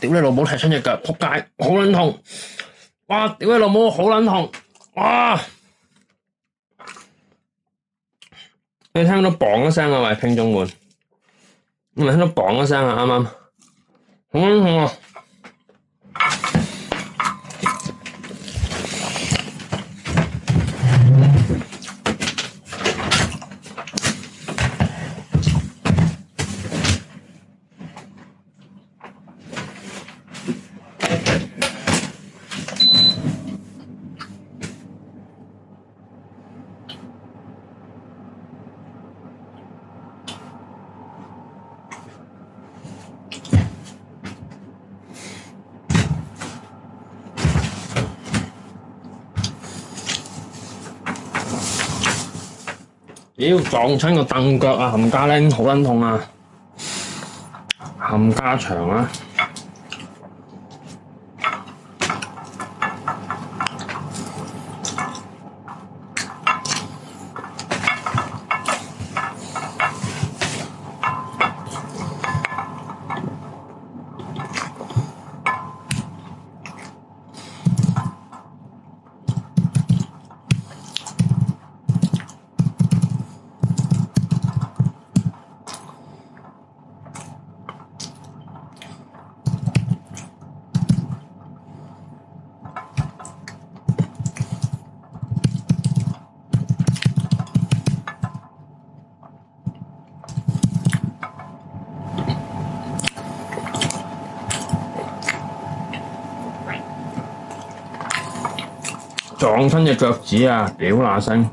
屌你老母，踢親隻腳仆街，好卵痛！哇！屌你老母，好卵痛！哇！你聽到磅一聲啊，喂，聽眾們，你咪聽到磅一聲啊，啱啱好卵痛啊！要撞親個凳腳啊！冚家拎好撚痛啊！冚家長啊！講親隻腳趾啊！屌那聲！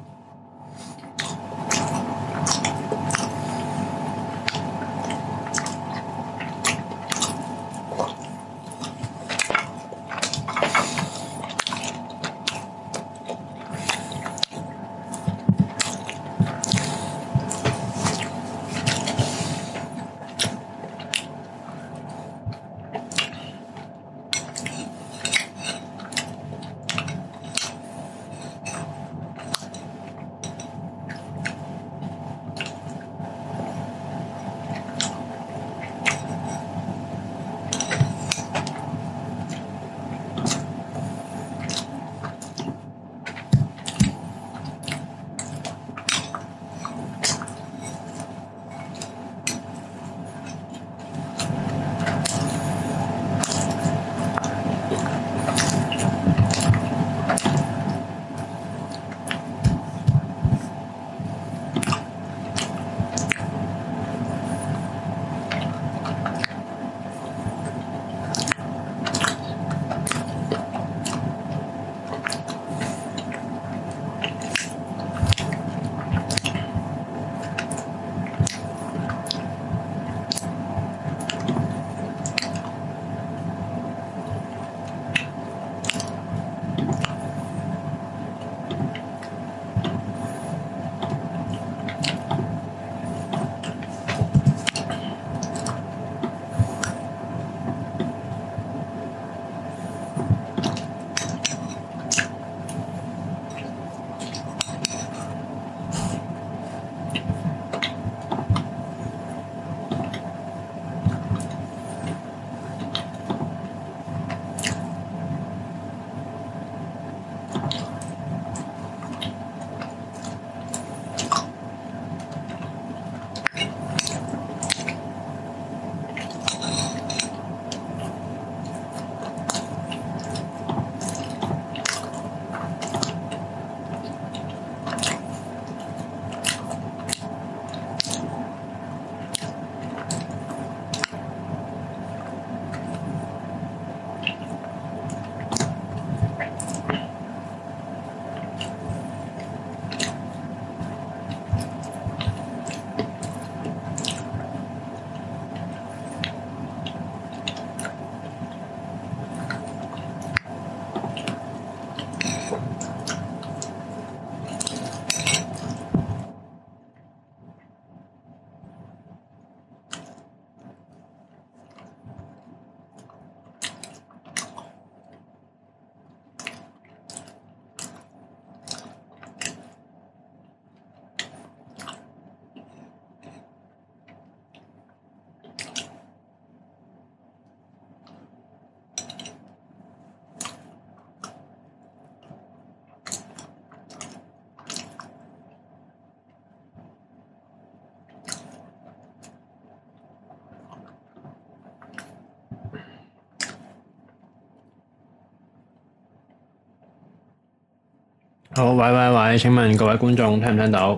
好喂、喂、喂，請問各位觀眾聽唔聽到？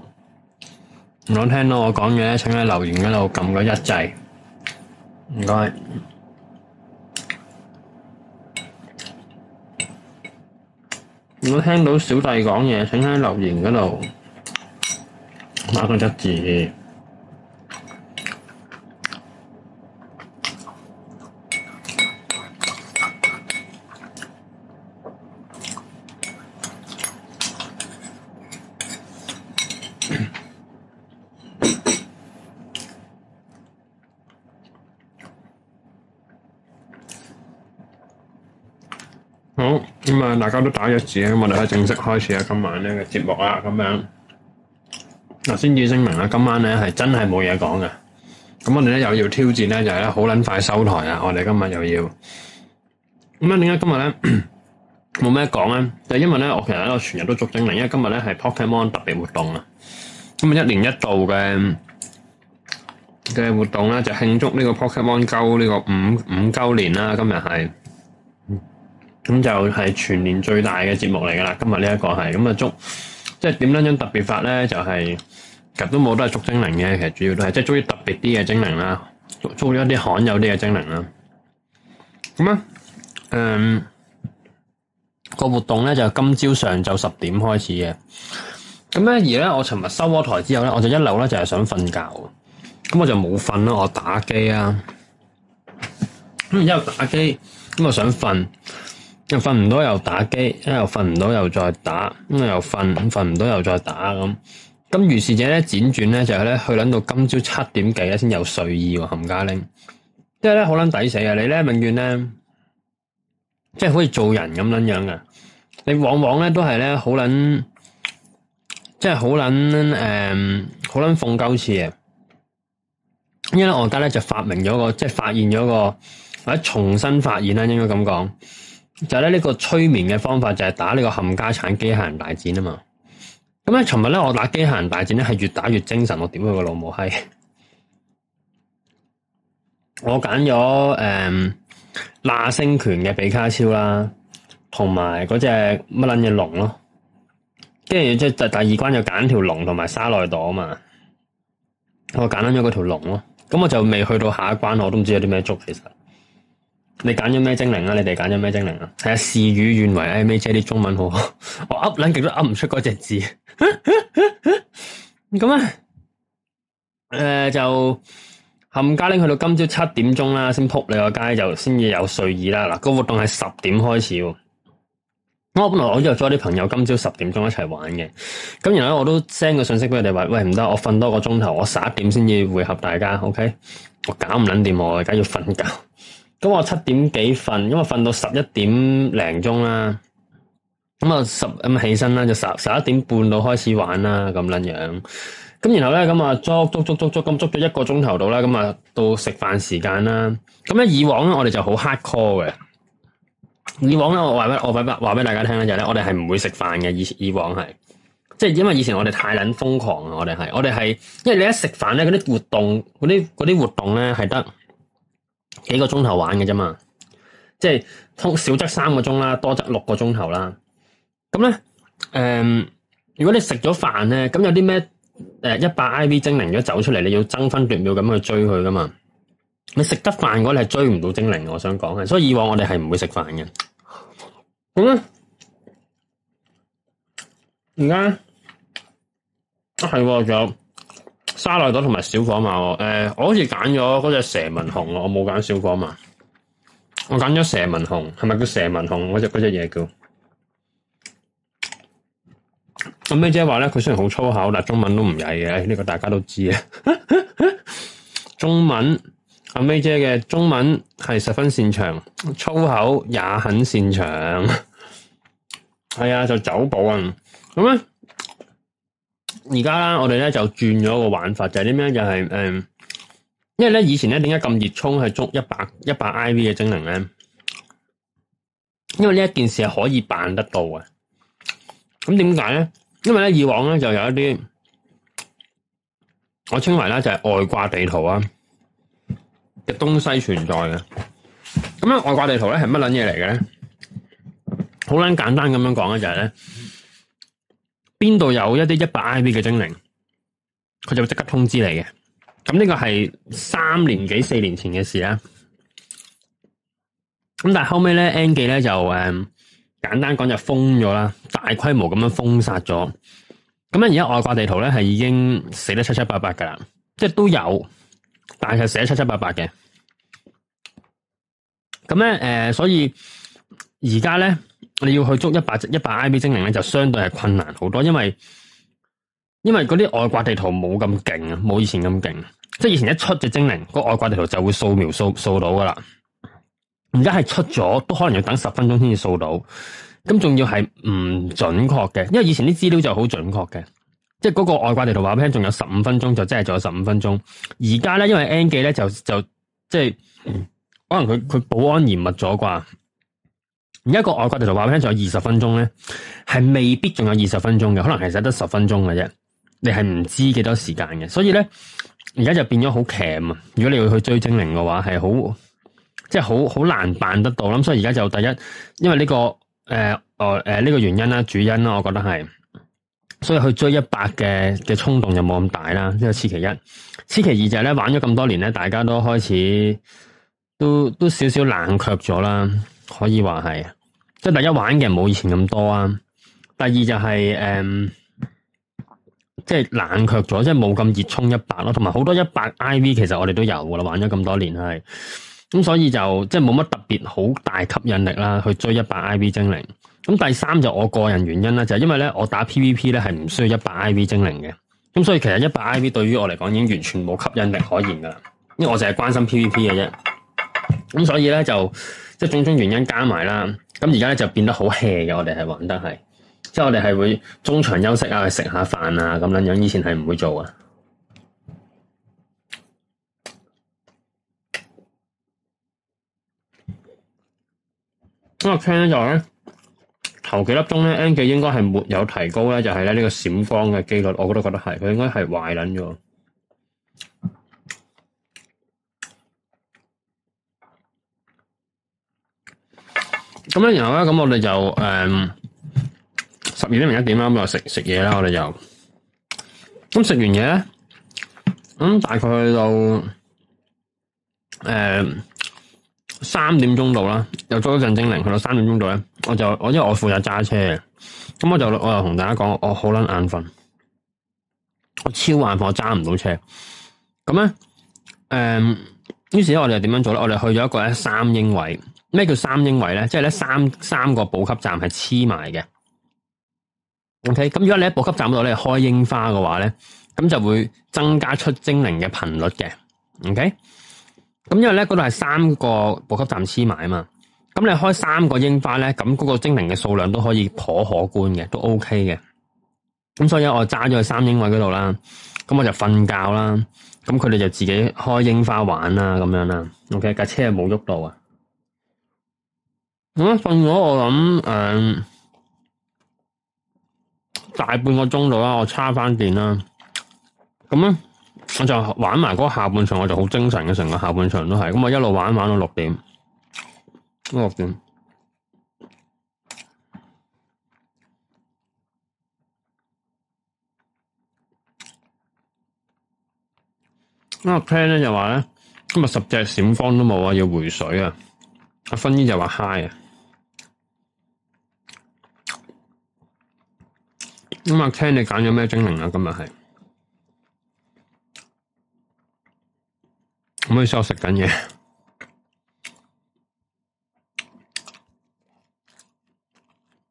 如果聽到我講嘢，請喺留言嗰度撳個一制。唔該。如果聽到小弟講嘢，請喺留言嗰度打個一字。啊！大家都打咗字，咁我哋可以正式開始啊，今晚咧嘅節目啊，咁樣。嗱，先至聲明啦，今晚咧係真係冇嘢講嘅。咁我哋咧又要挑戰咧，就係咧好捻快收台啊！我哋今日又要。咁樣點解今日咧冇咩講咧？就因為咧，我其實喺度全日都捉精靈，因為今日咧係 Pokemon 特別活動啊。咁啊，一年一度嘅嘅活動咧就慶祝呢個 Pokemon Go 呢個五五週年啦。今日係。咁就係全年最大嘅節目嚟噶啦，今日呢一個係咁啊捉，即係點樣樣特別法咧，就係夾都冇，都係捉精靈嘅。其實主要都係即係捉啲特別啲嘅精靈啦，捉捉一啲罕有啲嘅精靈啦。咁咧，誒，個活動咧就係今朝上晝十點開始嘅。咁咧，而咧我尋日收咗台之後咧，我就一路咧就係想瞓覺，咁我就冇瞓啦，我打機啊。咁然之後打機，咁我想瞓。又瞓唔到又打機，一又瞓唔到又再打，咁又瞓瞓唔到又再打咁。咁於是者咧，輾轉咧就係咧，去諗到今朝七點幾咧先有睡意喎，冚家拎。即係咧好捻抵死啊！你咧永遠咧，即係好似做人咁捻樣嘅。你往往咧都係咧好捻，即係好捻誒，好捻鳳鳩似嘅。因為我家咧就發明咗個，即係發現咗個或者重新發現啦，應該咁講。就係咧呢個催眠嘅方法就係打呢個冚家鏟機械人大戰啊嘛，咁咧，尋日咧我打機械人大戰咧係越打越精神，我屌佢個老母閪， 我揀咗誒納星拳嘅比卡超啦，同埋嗰隻乜撚嘢龍咯，跟住即係第第二關就揀條龍同埋沙奈朵啊嘛，我揀咗嗰條龍咯，咁我就未去到下一關，我都唔知有啲咩捉其實。你揀咗咩精靈啊？你哋揀咗咩精靈啊？係啊，事與願違，哎，咩？即係啲中文好，好， 我噏撚極都噏唔出嗰隻字。咁 咧、啊，誒、啊啊啊啊啊啊，就冚家拎去到今朝七點鐘啦，先扑你個街，就先至有睡意啦。嗱、那，個活動係十點開始，我、啊、本來我約咗啲朋友今朝十點鐘一齊玩嘅，咁然後我都 send 個信息俾佢哋話，喂，唔得，我瞓多個鐘頭，我十一點先至匯合大家，OK？我搞唔捻掂，我而家要瞓覺。咁我七點幾瞓，咁啊瞓到十一點零鐘啦。咁啊十咁起身啦，就十十一點半到開始玩啦，咁樣樣。咁然後咧，咁啊捉捉捉捉捉，咁捉咗一個鐘頭、嗯、到啦。咁啊到食飯時間啦。咁咧以往咧，我哋就好 hard core 嘅。以往咧，我話俾我俾話俾大家聽咧就係咧，我哋係唔會食飯嘅。以以往係，即係因為以前我哋太撚瘋狂啊！我哋係，我哋係，因為你一食飯咧，嗰啲活動，嗰啲嗰啲活動咧係得。幾個鐘頭玩嘅啫嘛，即係通少則三個鐘啦，多則六個鐘頭啦。咁咧，誒、嗯，如果你食咗飯咧，咁有啲咩誒一百 I V 精靈如果走出嚟，你要爭分奪秒咁去追佢噶嘛？你食得飯嘅話，你係追唔到精靈，我想講嘅。所以以往我哋係唔會食飯嘅。好、嗯、啦，而家係仲有。沙奈朵同埋小火馬，誒、欸，我好似揀咗嗰隻蛇紋熊，我冇揀小火馬，我揀咗蛇紋熊，係咪叫蛇紋熊？隻嗰隻嘢叫。阿 May 姐話咧，佢雖然好粗口，但中文都唔曳嘅，呢、這個大家都知嘅。 中文，阿 May 姐嘅中文係十分擅長，粗口也很擅長。係 啊、哎，就走寶啊，咁咧。而家啦，我哋咧就轉咗個玩法，就係點樣就係、是、誒、嗯，因為咧以前咧點解咁熱衷係捉一百一百 IV 嘅精靈咧？因為呢一件事係可以辦得到嘅。咁點解咧？因為咧以往咧就有一啲，我稱為咧就係外掛地圖啊嘅東西存在嘅。咁樣，外掛地圖咧係乜卵嘢嚟嘅咧？好卵簡單咁樣講咧就係、是、咧。邊度有一啲一百 IV 嘅精靈，佢就會即刻通知你嘅。咁呢個係三年幾四年前嘅事啦。咁但係後尾咧 N 記咧就誒、嗯，簡單講就封咗啦，大規模咁樣封殺咗。咁咧而家外掛地圖咧係已經死得七七八八噶啦，即係都有，但係死得七七八八嘅。咁咧誒，所以。而家咧，你要去捉一百隻一百 IV 精靈咧，就相對係困難好多，因為因為嗰啲外掛地圖冇咁勁啊，冇以前咁勁。即係以前一出隻精靈，個外掛地圖就會掃描掃掃到噶啦。而家係出咗，都可能要等十分鐘先至掃到。咁仲要係唔準確嘅，因為以前啲資料就好準確嘅，即係嗰個外掛地圖話俾你聽仲有十五分鐘，就真係仲有十五分鐘。而家咧，因為 N 記咧就就即係可能佢佢保安嚴密咗啩。而家個外國條畫片話畀你聽仲有二十分鐘咧，係未必仲有二十分鐘嘅，可能係得得十分鐘嘅啫。你係唔知幾多時間嘅，所以咧，而家就變咗好強啊！如果你要去追精靈嘅話，係好即係好好難辦得到啦。所以而家就第一，因為呢、這個誒誒誒呢個原因啦，主因啦，我覺得係，所以去追一百嘅嘅衝動就冇咁大啦。呢、這個次其一，次其二就係咧玩咗咁多年咧，大家都開始都都少少冷卻咗啦，可以話係。即係第一，玩嘅人冇以前咁多啊，第二就係、是、誒，即、嗯、係、就是、冷卻咗，即係冇咁熱衷一百咯，同埋好多一百 IV 其實我哋都有噶啦，玩咗咁多年係，咁所以就即係冇乜特別好大吸引力啦，去追一百 IV 精靈。咁第三就我個人原因啦，就係、是、因為咧我打 PVP 咧係唔需要一百 IV 精靈嘅，咁所以其實一百 IV 對於我嚟講已經完全冇吸引力可言噶啦，因為我淨係關心 PVP 嘅啫，咁所以咧就即係、就是、種種原因加埋啦。咁而家就變得好 hea 嘅，我哋係玩得係，即係我哋係會中場休息啊，食下飯啊咁樣樣，以前係唔會做啊。我睇咗頭幾粒鐘呢，N 記應該係沒有提高呢，就係呢個閃光嘅機率，我都覺得係佢應該係壞撚咗。咁咧，然後咧，咁我哋就誒十二點零一點啦，咁、嗯、就食食嘢啦，我哋就咁食完嘢咧，咁、嗯、大概到誒三點鐘度啦，又捉咗陣精靈，去到三點鐘度咧，我就我因為我負責揸車嘅，咁我就我又同大家講，我好捻眼瞓，我超眼瞓，我揸唔到車，咁咧誒，於是咧我哋點樣做咧？我哋去咗一個咧三英位。咩叫三英位咧？即係咧三三個補給站係黐埋嘅。OK，咁如果你喺補給站嗰度咧開櫻花嘅話咧，咁就會增加出精靈嘅頻率嘅。OK，咁因為咧嗰度係三個補給站黐埋啊嘛，咁你開三個櫻花咧，咁嗰個精靈嘅數量都可以頗可觀嘅，都 OK 嘅。咁所以我揸咗去三英位嗰度啦，咁我就瞓覺啦，咁佢哋就自己開櫻花玩啦、啊，咁樣啦。OK，架車冇喐到啊。咁咧瞓咗，嗯、我諗誒、嗯，大半個鐘度啦，我差翻電啦。咁、嗯、咧我就玩埋嗰下半場，我就好精神嘅成個下半場都係，咁我一路玩玩到六點，六點。今日聽咧就話咧，今日十隻閃光都冇啊，要回水啊。阿芬姨就話嗨啊。今日聽你揀咗咩精靈啊？今日係可唔可以收食緊嘢？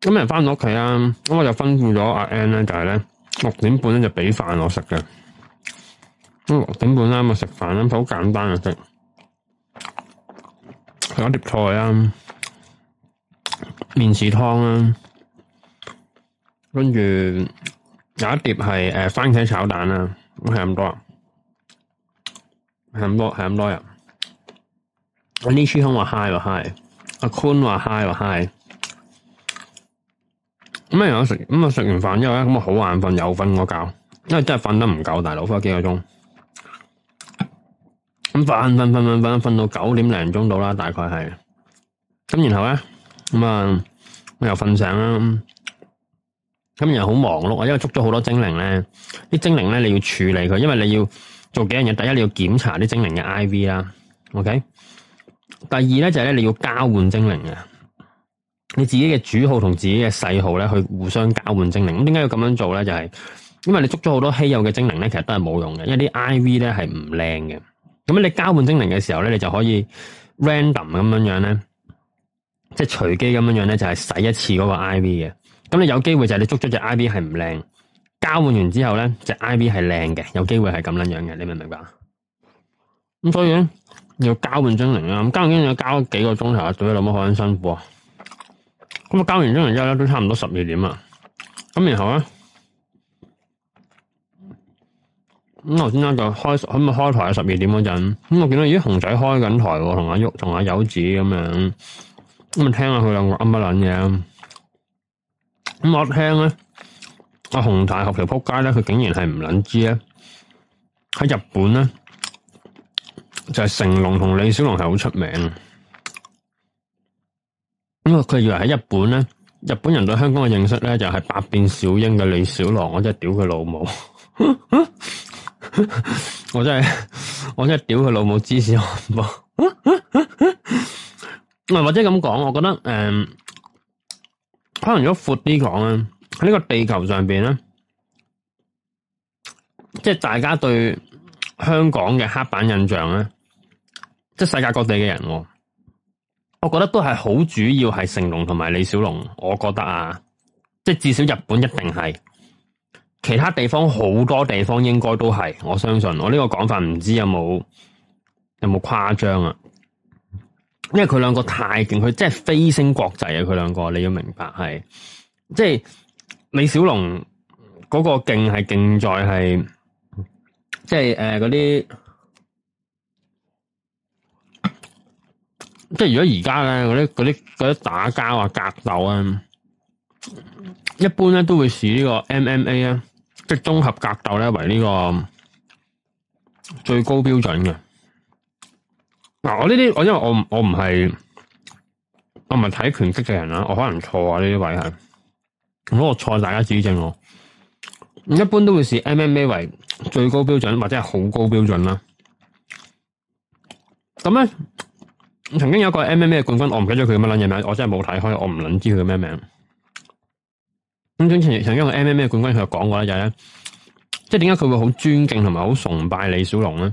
今日返到屋企啊，咁我就吩咐咗阿 N 咧，就係咧六點半咧就畀飯我食嘅。咁六點半啦，我食飯啦，好簡單嘅食，攞碟菜啊，麵豉湯啊。跟住有一碟係誒番茄炒蛋啦，咁係咁多，係咁多，係咁多人。我呢次空話嗨話嗨，阿坤話嗨話嗨。咁然後我食咁啊，食完飯之後咧，咁啊好眼瞓又瞓個覺，因為真係瞓得唔夠，大佬翻幾個鐘。咁瞓瞓瞓瞓瞓瞓到九點零鐘到啦，大概係。咁然後咧咁啊，我又瞓醒啦。咁又好忙碌啊！因為捉咗好多精靈咧，啲精靈咧你要處理佢，因為你要做幾樣嘢。第一你要檢查啲精靈嘅 IV 啦，OK。第二咧就係咧你要交換精靈啊，你自己嘅主號同自己嘅細號咧去互相交換精靈。咁點解要咁樣做咧？就係因為你捉咗好多稀有嘅精靈咧，其實都係冇用嘅，因為啲 IV 咧係唔靚嘅。咁啊，你交換精靈嘅時候咧，你就可以 random 咁樣樣咧，即係隨機咁樣樣咧，就係洗一次嗰個 IV 嘅。咁你有機會就係你捉咗隻 IV 係唔靚，交換完之後咧，隻 IV 係靚嘅，有機會係咁撚樣嘅，你明唔明白？咁所以咧要交換精靈啦，咁交換精靈交幾個鐘頭啊，對老母好撚辛苦啊！咁、嗯、啊交完精靈之後咧都差唔多十二點啊，咁然後咧咁頭先咧就開咁啊開台啊十二點嗰陣，咁、嗯、我見到咦熊仔開緊台喎，同阿旭同阿友子咁樣，咁、嗯、啊聽下佢兩個噏乜撚嘢。咁我聽咧，阿洪大合條扑街咧，佢竟然係唔捻知咧，喺日本咧就係成龍同李小龍係好出名。咁啊，佢以為喺日本咧，日本人對香港嘅認識咧就係百變小英嘅李小龍，我真係屌佢老母！我真係我真係屌佢老母，芝士漢堡。啊，或者咁講，我覺得誒。可能如果闊啲講咧，喺呢個地球上邊咧，即係大家對香港嘅刻板印象咧，即係世界各地嘅人，我覺得都係好主要係成龍同埋李小龍。我覺得啊，即係至少日本一定係，其他地方好多地方應該都係。我相信我呢個講法有有，唔知有冇有冇誇張啊？因為佢兩個太勁，佢即係飛升國際啊！佢兩個你要明白係，即係李小龍嗰個勁係勁在係，即係誒嗰啲，即係如果而家咧嗰啲啲啲打交啊格鬥啊，一般咧都會視呢個 MMA 啊，即係綜合格鬥咧為呢個最高標準嘅。嗱、啊，我呢啲我因為我我唔係我唔係睇拳擊嘅人啦，我可能錯啊呢啲位係，如果我錯，大家指正我。一般都會視 MMA 為最高標準或者係好高標準啦。咁咧，曾經有一個 MMA 冠軍，我唔記得咗佢叫乜撚嘢名，我真係冇睇開，我唔捻知佢叫咩名。咁總前，曾經有個 MMA 冠軍佢就講過咧，就係咧，即係點解佢會好尊敬同埋好崇拜李小龍咧？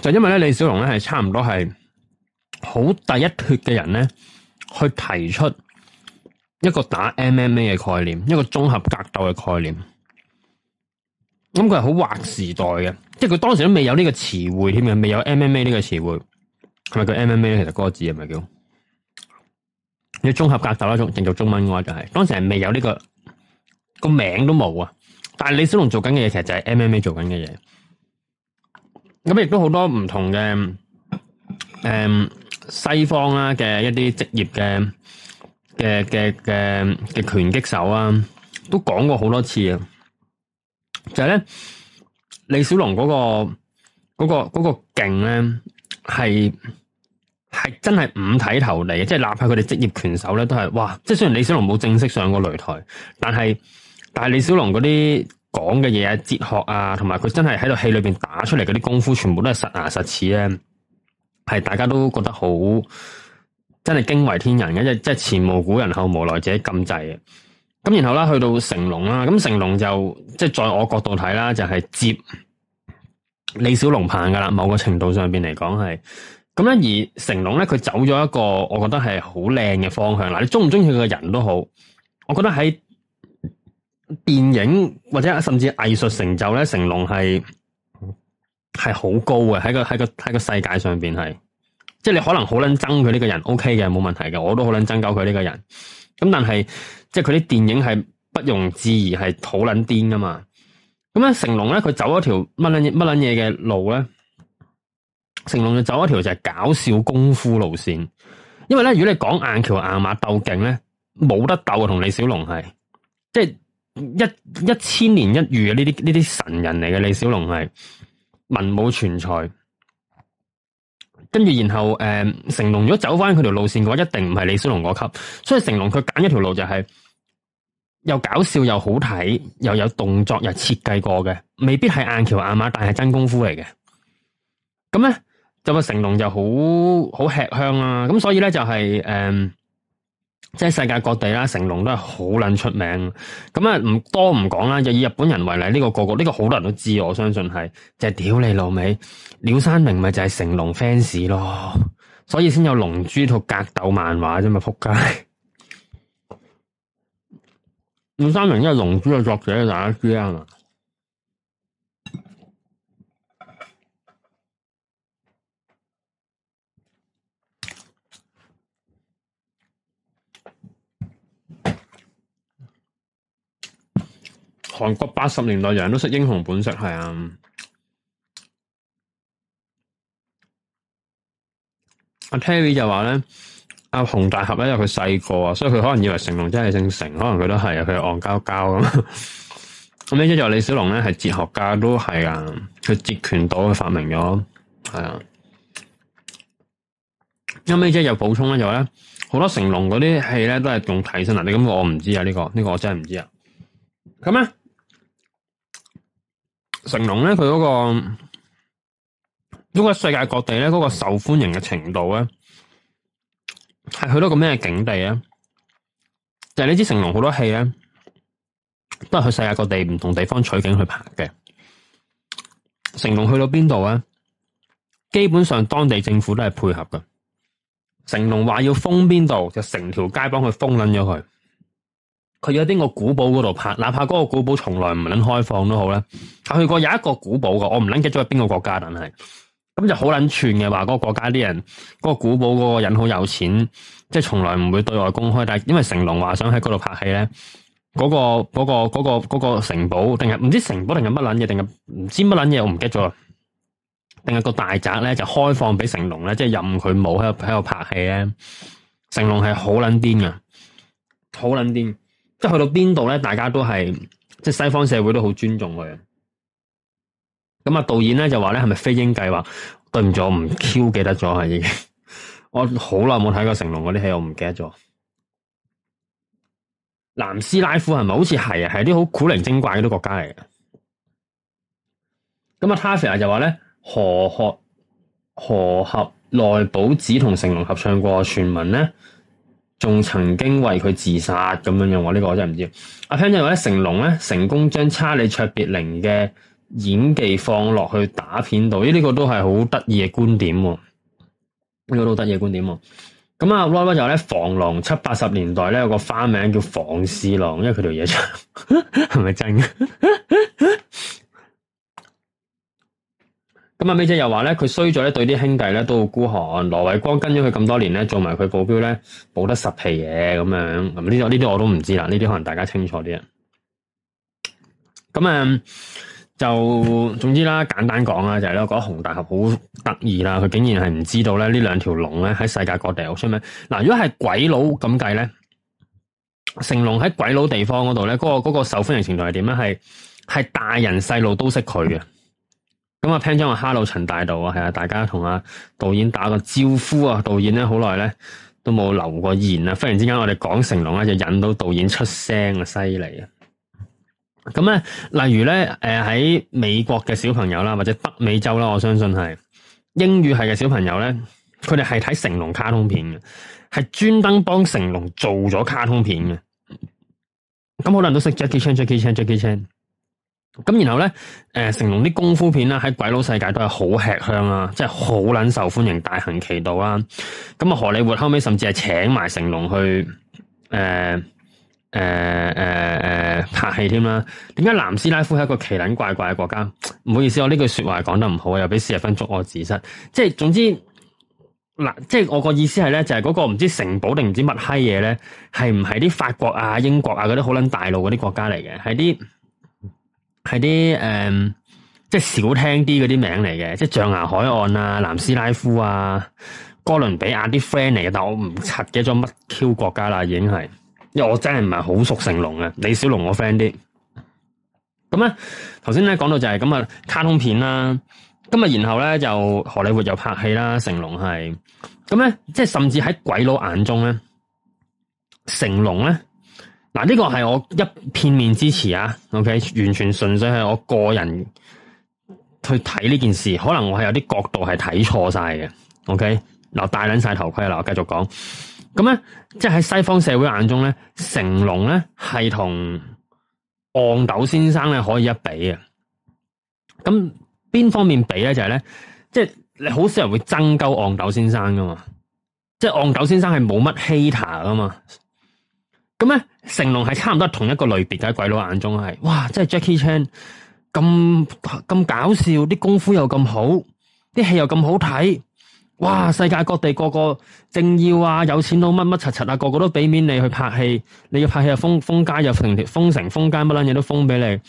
就因為咧，李小龍咧係差唔多係好第一脱嘅人咧，去提出一個打 MMA 嘅概念，一個綜合格鬥嘅概念。咁佢係好劃時代嘅，即係佢當時都未有呢個詞彙添嘅，未有 MMA 呢個詞彙，係咪叫 MMA？其實嗰個字係咪叫？你綜合格鬥啦，仲淨做中文嘅話就係、是，當時係未有呢、這個個名都冇啊。但係李小龍做緊嘅嘢，其實就係 MMA 做緊嘅嘢。咁亦都好多唔同嘅，誒、嗯，西方啦嘅一啲職業嘅嘅嘅嘅嘅拳擊手啊，都講過好多次啊，就係、是、咧李小龍嗰、那個嗰、那個嗰、那個勁咧，係係真係五體投地，即係哪怕佢哋職業拳手咧都係，哇！即係雖然李小龍冇正式上過擂台，但係但係李小龍嗰啲。講嘅嘢啊，哲學啊，同埋佢真係喺度戲裏邊打出嚟嗰啲功夫，全部都係實牙實齒咧，係大家都覺得好真係驚為天人嘅，即即係前無古人後無來者咁滯嘅。咁然後啦，去到成龍啦，咁成龍就即係在我角度睇啦，就係接李小龍棒噶啦，某個程度上邊嚟講係。咁咧而成龍咧，佢走咗一個我覺得係好靚嘅方向嗱，你中唔中意佢嘅人都好，我覺得喺。電影或者甚至藝術成就咧，成龍係係好高嘅，喺個喺個喺個世界上邊係，即係你可能好捻憎佢呢個人，OK 嘅冇問題嘅，我都好捻憎鳩佢呢個人。咁但係即係佢啲電影係不容置疑係好捻癲噶嘛。咁咧成龍咧佢走一條乜捻乜捻嘢嘅路咧，成龍就走一條就係搞笑功夫路線。因為咧如果你講硬橋硬馬鬥勁咧，冇得鬥同李小龍係，即係。一一千年一遇嘅呢啲呢啲神人嚟嘅，李小龍係文武全才，跟住然後誒、呃，成龍如果走返佢條路線嘅話，一定唔係李小龍嗰級，所以成龍佢揀一條路就係、是、又搞笑又好睇，又有動作又設計過嘅，未必係硬橋硬馬，但係真功夫嚟嘅。咁咧就咪成龍就好好吃香啊。咁所以咧就係、是、誒。呃即係世界各地啦，成龍都係好捻出名，咁啊唔多唔講啦。就以日本人為例，呢、這個個個呢、這個好多人都知，我相信係就係、是、屌你老味。鳥山明咪就係成龍 fans 咯，所以先有龍《龍珠》同格鬥漫畫啫嘛，仆街！鳥山明即係《龍珠》嘅作者，大家知啊韓國八十年代，人都識英雄本色，係啊。阿 Terry 就話咧，阿洪大俠咧，因為佢細個啊，所以佢可能以為成龍真係姓成，可能佢都係啊，佢戇交交啊。後尾姐就李小龍咧，係哲學家都係啊，佢截拳道佢發明咗，係啊。後尾姐又補充咧就咧、是，好多成龍嗰啲戲咧都係用替身啊，你咁我唔知啊，呢個呢個我真係唔知啊。咁咧。成龍咧，佢嗰、嗰個，嗰個世界各地咧，嗰、嗰個受歡迎嘅程度咧，係去到個咩境地咧？就係、你知成龍好多戲咧，都係去世界各地唔同地方取景去拍嘅。成龍去到邊度咧，基本上當地政府都係配合嘅。成龍話要封邊度，就成條街幫佢封撚咗佢。佢要喺邊個古堡嗰度拍，哪怕嗰個古堡從來唔捻開放都好咧。去過有一個古堡嘅，我唔捻記咗係邊個國家，但係咁就好捻串嘅。話、那、嗰個國家啲人，嗰、嗰個古堡嗰個人好有錢，即係從來唔會對外公開。但係因為成龍話想喺嗰度拍戲咧，嗰、嗰個嗰、嗰個、嗰個、嗰個嗰個城堡定係唔知城堡定係乜捻嘢，定係唔知乜捻嘢，我唔記得咗。定係個大宅咧就開放俾成龍咧，即係任佢冇喺度喺度拍戲咧。成龍係好捻癲啊，好捻癲。即係去到邊度咧，大家都係即係西方社會都好尊重佢。咁啊，導演咧就話咧，係咪飛鷹計劃？ 對唔住，我唔 Q 記得咗已經。 我好耐冇睇過成龍嗰啲戲，我唔記得咗。南斯拉夫係咪？好似係啊，係啲好古靈精怪嗰啲國家嚟嘅。咁啊，他成日就話咧何合何合內保子同成龍合唱過傳聞咧。仲曾經為佢自殺咁樣樣，我呢個我真係唔知。阿香就話咧，成龍咧成功將查理卓別林嘅演技放落去打片度，咦？呢個都係好得意嘅觀點喎，呢、呢個都得意嘅觀點喎。咁啊，威威就咧，房狼七八十年代咧有個花名叫「房侍郎」，因為佢條嘢長，係 咪真嘅？ 咁啊，美姐又話咧，佢衰咗咧，對啲兄弟咧都好孤寒。羅慧光跟咗佢咁多年咧，做埋佢保鏢咧，保得十皮嘢咁樣。咁呢度呢啲我都唔知啦，呢啲可能大家清楚啲。咁啊，就總之啦，簡單講啊，就係咧，覺得洪大俠好得意啦，佢竟然係唔知道咧呢兩條龍咧喺世界各地好出名。嗱，如果係鬼佬咁計咧，成龍喺鬼佬地方嗰度咧，嗰、嗰個嗰個受歡迎程度係點咧？係係大人細路都識佢嘅。咁啊，聽咗個《哈羅陳大道》啊，係啊，大家同阿導演打個招呼啊，導演咧好耐咧都冇留過言啊，忽然之間我哋講成龍咧，就引到導演出聲啊，犀利啊！咁咧，例如咧，誒、呃、喺美國嘅小朋友啦，或者北美洲啦，我相信係英語系嘅小朋友咧，佢哋係睇成龍卡通片嘅，係專登幫成龍做咗卡通片嘅。咁好多人都識 Jackie Chan，Jackie Chan，Jackie Chan。 咁然後咧，誒，成龍啲功夫片啦，喺鬼佬世界都係好吃香啊，即係好捻受歡迎，大行其道啊。咁啊，荷里活後尾，甚至係請埋成龍去，誒、呃，誒、呃，誒、呃，誒、呃、拍戲添啦。點解南斯拉夫係一個奇捻怪怪嘅國家？唔好意思，我呢句說話講得唔好啊，又俾四十分捉我自殺。即係總之，嗱，即係我個意思係咧，就係、是、嗰個唔知城堡定唔知乜閪嘢咧，係唔係啲法國啊、英國啊嗰啲好捻大陸嗰啲國家嚟嘅？係啲。係啲誒，即係少聽啲嗰啲名嚟嘅，即係象牙海岸啊、南斯拉夫啊、哥倫比亞啲 friend 嚟嘅，但係我唔柒記咗乜 Q 國家啦，已經係，因為我真係唔係好熟成龍啊。李小龍我 friend 啲。咁咧，頭先咧講到就係咁啊，卡通片啦，咁啊，然後咧就荷里活又拍戲啦，成龍係，咁咧即係甚至喺鬼佬眼中咧，成龍咧。嗱，呢個係我一片面之詞啊，OK，完全純粹係我個人去睇呢件事，可能我係有啲角度係睇錯晒嘅，OK，嗱，戴捻晒頭盔啦，我繼續講，咁咧，即係喺西方社會眼中咧，成龍咧係同戇豆先生咧可以一比啊，咁邊方面比咧就係、是、咧，即係你好少人會憎鳩戇豆先生噶嘛，即係戇豆先生係冇乜 hater 㗎嘛。咁咧，成龍係差唔多同一個類別嘅，鬼佬眼中係，哇，真係 Jackie Chan 咁咁搞笑，啲功夫又咁好，啲戲又咁好睇，哇！世界各地個個政要啊，有錢佬乜乜柒柒啊，個個都俾面你去拍戲，你要拍戲又封封街又封條，封城封街乜撚嘢都封俾你，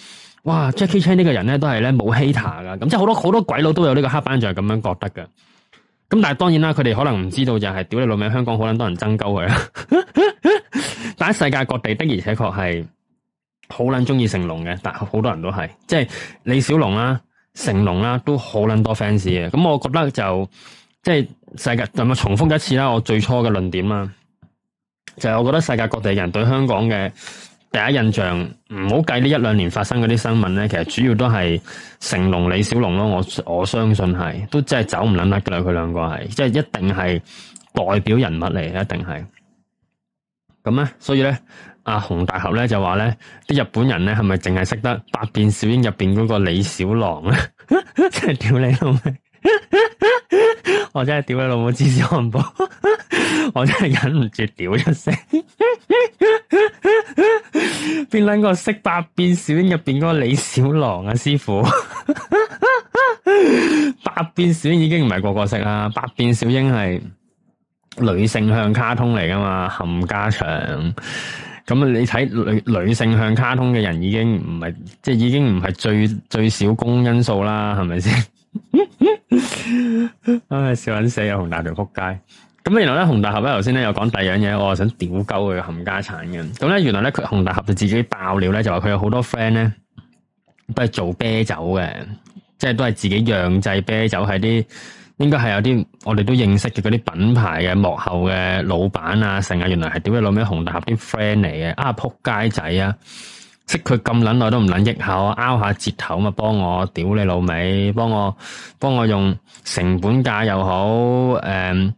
哇 Jackie Chan 呢個人咧都係咧冇 hater 噶，咁即係好多好多鬼佬都有呢個黑班長係咁樣覺得嘅。咁但係當然啦，佢哋可能唔知道就係、是、屌你老味，香港好撚多人爭鳩佢啦。但係世界各地的而且確係好撚鍾意成龍嘅，但好多人都係即係李小龍啦、成龍啦，都好撚多 fans 嘅。咁我覺得就即係世界，咁啊重複一次啦，我最初嘅論點啦，就係、是、我覺得世界各地人對香港嘅。第一印象唔好計呢一兩年發生嗰啲新聞咧，其實主要都係成龍李小龍咯，我我相信係都真係走唔撚甩㗎佢兩個係，即係一定係代表人物嚟，一定係。咁咧，所以咧，阿洪大俠咧就話咧，啲日本人咧係咪淨係識得百變小櫻入邊嗰個李小龍咧？真係屌你老味！ 我真係屌你老母，芝士漢堡。 我真係忍唔住屌一聲。 邊兩個識《百變小櫻》入邊嗰個李小狼啊，師傅。 百變小櫻已經唔係個個識啦，百變小櫻係女性向卡通嚟噶嘛，冚家祥。咁你睇女女性向卡通嘅人已經唔係，即係已經唔係最最少公因數啦，係咪先？ 唉、 哎，笑緊死啊！洪大俠撲街咁。原來咧，洪大俠咧，頭先咧又講第二樣嘢，我又想屌鳩佢冚家鏟嘅。咁咧，原來咧，佢洪大俠就自己爆料咧，就話佢有好多 friend 咧都係做啤酒嘅，即係都係自己釀製啤酒，喺啲應該係有啲我哋都認識嘅嗰啲品牌嘅幕後嘅老闆啊，成日原來係屌佢老味洪大俠啲 friend 嚟嘅啊，撲街仔啊！即佢咁捻耐都唔捻益口，拗下折頭啊嘛！幫我屌你老尾，幫我幫我用成本價又好，誒誒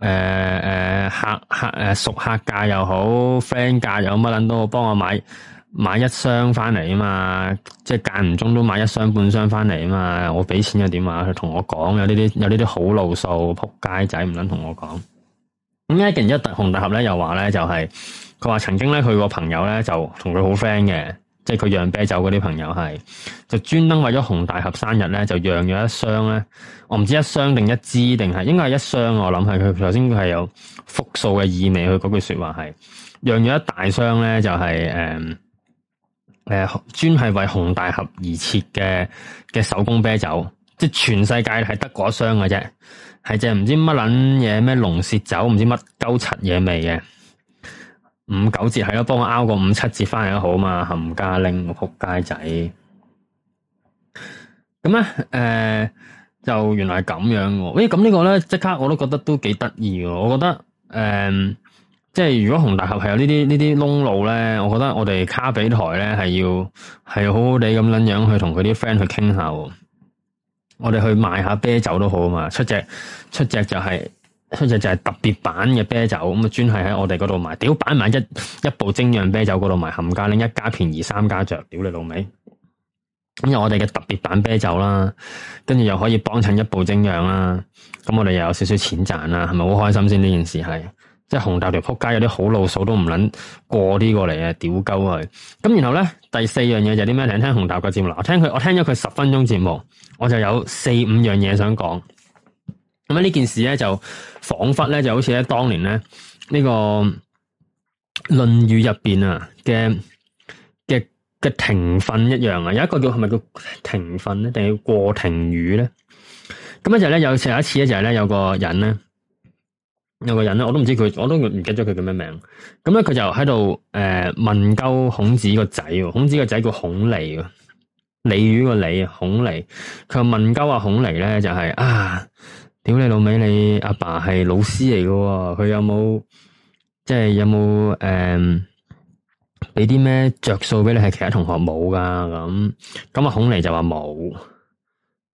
誒客客誒熟客價又好，friend 價又好乜捻都幫我買買一箱翻嚟啊嘛！即係間唔中都買一箱半箱翻嚟啊嘛！我俾錢又點啊？佢同我講有呢啲有呢啲好路數仆街仔唔捻同我講。咁一跟一特紅大俠咧，又話咧就係佢話曾經咧，佢個朋友咧就同佢好 friend 嘅，即係佢釀啤酒嗰啲朋友係，就專登為咗紅大俠生日咧，就釀咗一箱咧，我唔知一箱定一支定係，應該係一箱，我諗係佢頭先佢係有複數嘅意味，佢嗰句說話係釀咗一大箱咧，就係誒誒專係為紅大俠而設嘅嘅手工啤酒，即係全世界係得嗰箱嘅啫。係隻唔知乜捻嘢，咩龍舌酒，唔知乜鳩柒嘢味嘅五九折。係咯，幫我拗個五七折翻嚟都好嘛，冚家拎個仆街仔。咁咧，誒、呃，就原來係咁樣嘅。喂、欸，咁呢個咧，即刻我都覺得都幾得意嘅。我覺得，誒、呃，即係如果紅大俠係有呢啲呢啲窿路咧，我覺得我哋卡比台咧係要係好好地咁捻樣去同佢啲 friend 去傾下。我哋去賣下啤酒都好啊嘛，出隻出隻就係、是、出隻就係特別版嘅啤酒，咁啊專係喺我哋嗰度賣，屌擺埋一一部精釀啤酒嗰度賣，冚家拎一家便宜三家着，屌你老味，因為我哋嘅特別版啤酒啦，跟住又可以幫襯一部精釀啦，咁我哋又有少少錢賺啦，係咪好開心先呢件事係？即係紅塔條扑街，有啲好老手都唔捻過啲過嚟啊！屌鳩佢。咁然後咧，第四樣嘢就啲咩？聽聽紅塔嘅節目，我聽佢，我聽咗佢十分鐘節目，我就有四五樣嘢想講。咁啊，呢件事咧就仿佛咧就好似咧當年咧呢、這個論《論語》入邊啊嘅嘅嘅庭訓一樣啊！有一個叫係咪叫庭訓咧，定係叫過庭語咧？咁咧就咧有成有一次咧就係咧有個人咧。有個人咧，我都唔知佢，我都唔記得咗佢叫咩名。咁咧，佢就喺度誒問鳩孔子個仔。孔子個仔叫孔鯉，鯉魚個李，孔鯉。佢問鳩話孔鯉咧就係、是、啊，屌你老味，你阿爸係老師嚟嘅，佢有冇即係有冇誒俾啲咩着數俾你？係其他同學冇噶咁。咁啊、嗯，孔鯉就話冇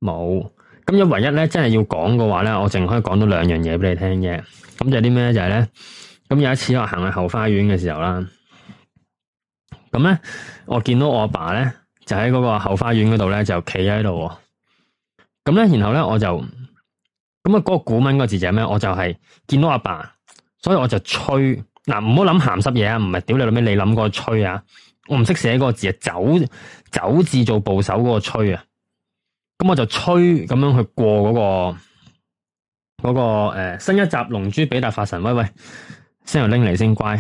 冇。咁一唯一咧，真係要講嘅話咧，我淨可以講到兩樣嘢俾你聽啫。咁就係啲咩就係咧，咁有一次我行去後花園嘅時候啦，咁咧我見到我阿爸咧就喺嗰個後花園嗰度咧就企喺度，咁咧然後咧我就，咁啊個古文個字就係咩？我就係見到阿爸，所以我就吹嗱，唔好諗鹹濕嘢啊，唔係屌你老味，你諗個吹啊，我唔識寫嗰個字啊，走走字做部首嗰個吹啊，咁我就吹咁樣去過嗰個。嗰個誒新一集《龍珠》比達法神，喂喂，先由拎嚟先，乖，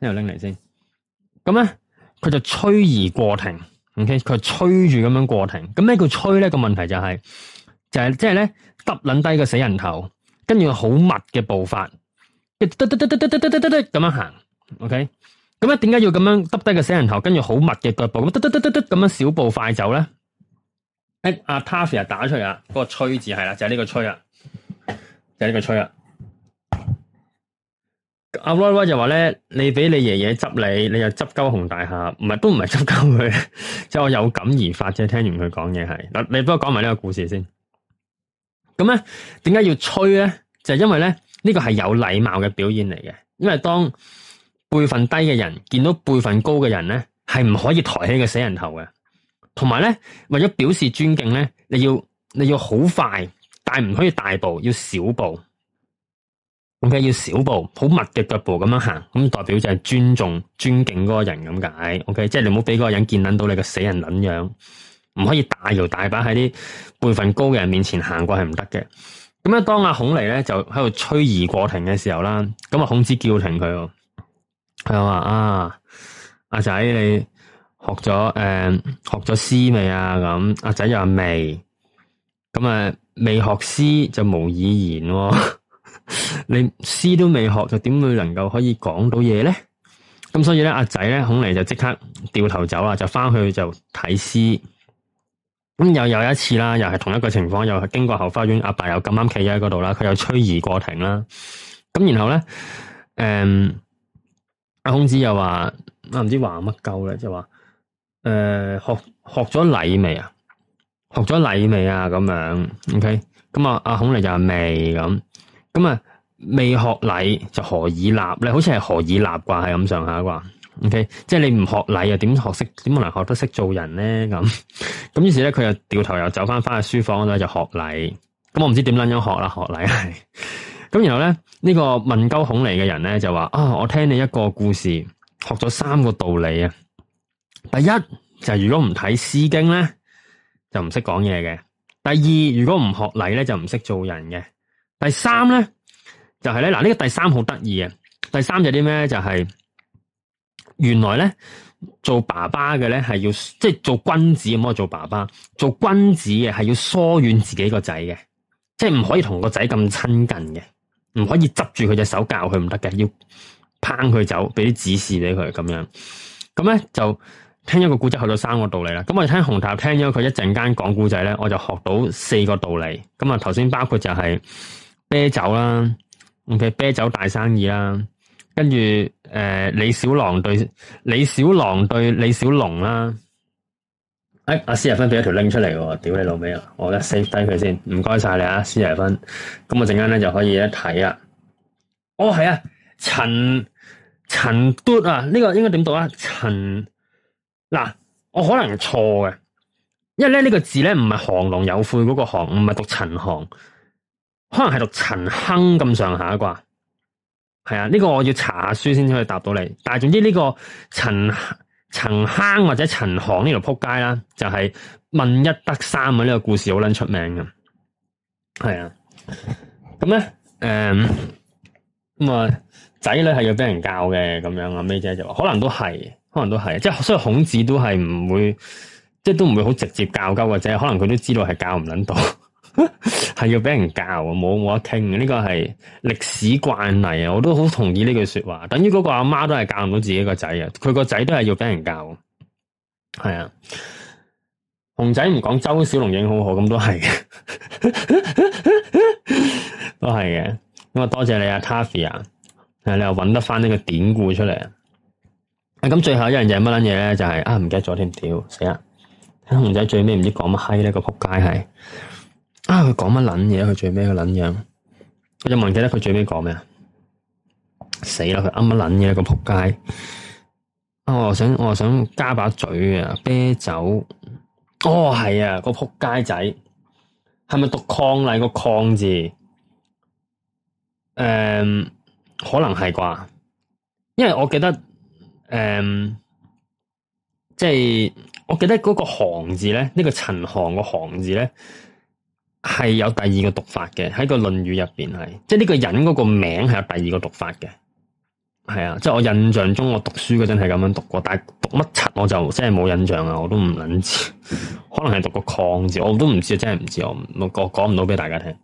先由拎嚟先。咁咧，佢就吹而過亭，OK，佢吹住咁樣過亭。咁咩叫吹咧？個問題就係，就係即係咧，耷捻低個死人頭，跟住好密嘅步伐，咁樣行，OK。咁咧，點解要咁樣耷低個死人頭，跟住好密嘅腳步，咁咁樣小步快走咧？誒，阿 Taffie 打出嚟啦，嗰個吹字係啦，就係呢個吹啦。一吹啊！阿、啊、威威就話咧，你俾你爺爺執你，你又執鳩紅大廈，唔係都唔係執鳩佢。即係 我有感而發啫。聽完佢講嘢係嗱，你不如講埋呢個故事先。咁咧，點解要吹咧？就係、是、因為咧，呢個係有禮貌嘅表現嚟嘅。因為當輩份低嘅人見到輩份高嘅人咧，係唔可以抬起個死人頭嘅。同埋咧，為咗表示尊敬咧，你要你要好快。但係唔可以大步，要小步。OK，要小步，好密嘅腳步咁樣行，咁代表就係尊重、尊敬嗰個人咁解。OK，即係你唔好俾嗰個人見捻到你個死人捻樣，唔可以大搖大擺喺啲輩份高嘅人面前行過係唔得嘅。咁樣當阿孔離咧就喺度吹儀過庭嘅時候啦，咁啊孔子叫停佢，佢話啊阿仔你學咗誒、嗯、學咗詩未啊？咁阿仔又未，咁啊。未學詩就無以言，哦， 你詩都未學，就點會能夠可以講到嘢咧？咁所以咧，阿仔咧，孔鯉就即刻掉頭走啦，就翻去就睇詩。咁又有一次啦，又係同一個情況，又係經過後花園，阿爸，爸又咁啱企喺嗰度啦，佢又吹而過庭啦。咁然後咧，誒、嗯，阿、啊、孔子又話，我唔知話乜鳩嘅，就話，誒、嗯，學學咗禮未啊？學咗禮、okay? 未啊？咁樣，OK，咁啊，阿孔鯉就未咁，咁啊，未學禮就何以立咧？好似係何以立啩，係咁上下啩，OK，即係你唔學禮啊，點學識？點可能學得識做人咧？咁，咁於是咧，佢又掉頭又走翻翻去書房嗰度就學禮。咁我唔知點捻樣學啦，學禮。咁 然後咧，呢、這個問鳩孔鯉嘅人咧就話：，啊，我聽你一個故事，學咗三個道理啊。第一就係、是、如果唔睇《詩經》咧。就唔識講嘢嘅。第二，如果唔學禮咧，就唔識做人嘅。第三咧，就係咧嗱，呢個第三好得意嘅。第三就啲咩咧？就係原來咧，做爸爸嘅咧係要，即係做君子咁去做爸爸。做君子嘅係要疏遠自己個仔嘅，即係唔可以同個仔咁親近嘅，唔可以執住佢隻手教佢唔得嘅，要拋佢走，俾啲指示俾佢咁樣。咁咧就。聽一個古仔去到三個道理啦，咁我哋聽紅塔聽咗佢一陣間講古仔咧，我就學到四個道理。咁啊頭先包括就係啤酒啦唔 k 啤酒大生意啦，跟住誒李小狼對，對李小狼對李小龍啦。哎，阿師阿芬俾一條 link 出嚟喎，屌你老味啊！我咧 save 低佢先，唔該晒你啊，師阿芬。咁我陣間咧就可以一睇、哦、啊。哦係啊，陳陳嘟啊，呢個應該點讀啊？陳。嗱，我可能係錯嘅，因為咧呢個字咧唔係降龍有悔嗰個行，唔係讀陳行，可能係讀陳坑咁上下啩？係啊，呢個我要查下書先至可以答到你。但係總之呢個陳陳坑或者陳行呢度撲街啦，就係問一得三嘅呢個故事好撚出名嘅，係啊。咁咧，誒、嗯，咁啊仔女係要俾人教嘅，咁樣啊 May 姐就話可能都係。可能都係，即係所以孔子都係唔會，即係都唔會好直接教鳩或者可能佢都知道係教唔捻到，係 要畀人教啊，冇冇得傾嘅。呢個係歷史慣例啊，我都好同意呢句說話。等於嗰個阿媽都係教唔到自己個仔啊，佢個仔都係要畀人教。係啊，熊仔唔講周小龍影好好咁 都係嘅，都係嘅。咁啊，多謝你啊 Taffy 誒，你又搵得翻呢個典故出嚟。咁最後一樣嘢乜捻嘢咧？就係、是、啊，唔記得咗添，屌死啦！熊仔最尾唔知講乜閪咧，那個仆街係啊，佢講乜捻嘢？佢最尾個捻樣，我就唔記得佢最尾講咩啊！死啦，佢噏乜捻嘢？個仆街啊！我又想我又想加把嘴啊！啤酒，哦係啊，個仆街仔係咪讀礦嚟個礦字？誒、嗯，可能係啩？因為我記得。誒，um, 即係我記得嗰個行字咧，這個、韓韓字呢個陳行個行字咧係有第二個讀法嘅，喺個《論語》入邊係，即係呢個人嗰個名係有第二個讀法嘅，係啊，即係我印象中我讀書嗰陣係咁樣讀過，但係讀乜陳我就真係冇印象啊，我都唔捻知，可能係讀個礦字，我都唔知，真係唔知，我我講唔到畀大家聽。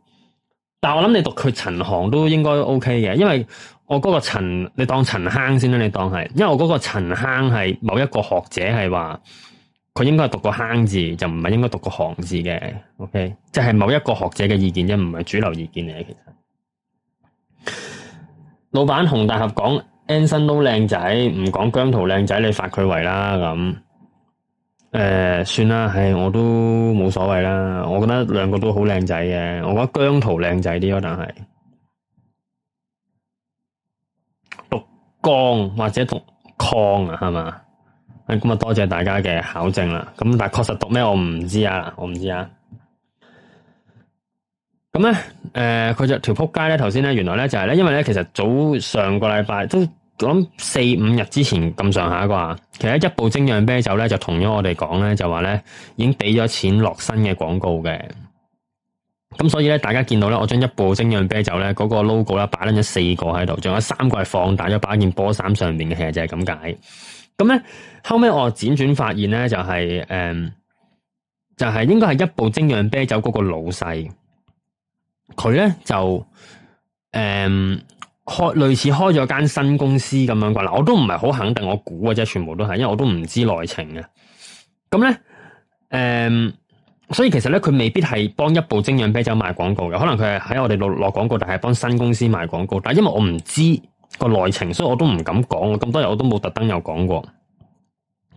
但我諗你讀佢陳行都應該 OK 嘅，因為我嗰個陳，你當陳坑先啦，你當係，因為我嗰個陳坑係某一個學者係話，佢應該係讀個坑字，就唔係應該讀個行字嘅，OK，即係某一個學者嘅意見啫，唔係主流意見嚟嘅，其實。老闆紅大俠講 Anson 都靚仔，唔講姜濤靚仔，你罰佢圍啦咁。誒、呃，算啦，係我都冇所謂啦。我覺得兩個都好靚仔嘅，我覺得姜濤靚仔啲可能係讀江或者讀礦啊，係嘛？咁、嗯、啊，多謝大家嘅考證啦。咁但係確實讀咩，我唔知啊，我唔知啊。咁、呃、咧，誒，佢就條扑街咧，頭先咧，原來咧就係咧，因為咧，其實早上個禮拜都。我諗四五日之前咁上下啩，其實一部精釀啤酒咧就同咗我哋講咧，就話咧已經俾咗錢落新嘅廣告嘅。咁所以咧，大家見到咧，我將一部精釀啤酒咧嗰個 logo 咧擺咗四個喺度，仲有三個係放大咗，擺喺件波衫上面嘅，其實就係咁解。咁咧後尾我輾轉發現咧，就係、是、誒、嗯，就係、是、應該係一部精釀啤酒嗰個老細，佢咧就誒。嗯開類似開咗間新公司咁樣啩。嗱，我都唔係好肯定，我估嘅啫，全部都係，因為我都唔知內情嘅。咁咧，誒、嗯，所以其實咧，佢未必係幫一部精釀啤酒賣廣告嘅，可能佢係喺我哋度落廣告，但係幫新公司賣廣告。但係因為我唔知個內情，所以我都唔敢講。咁多日我都冇特登有講過。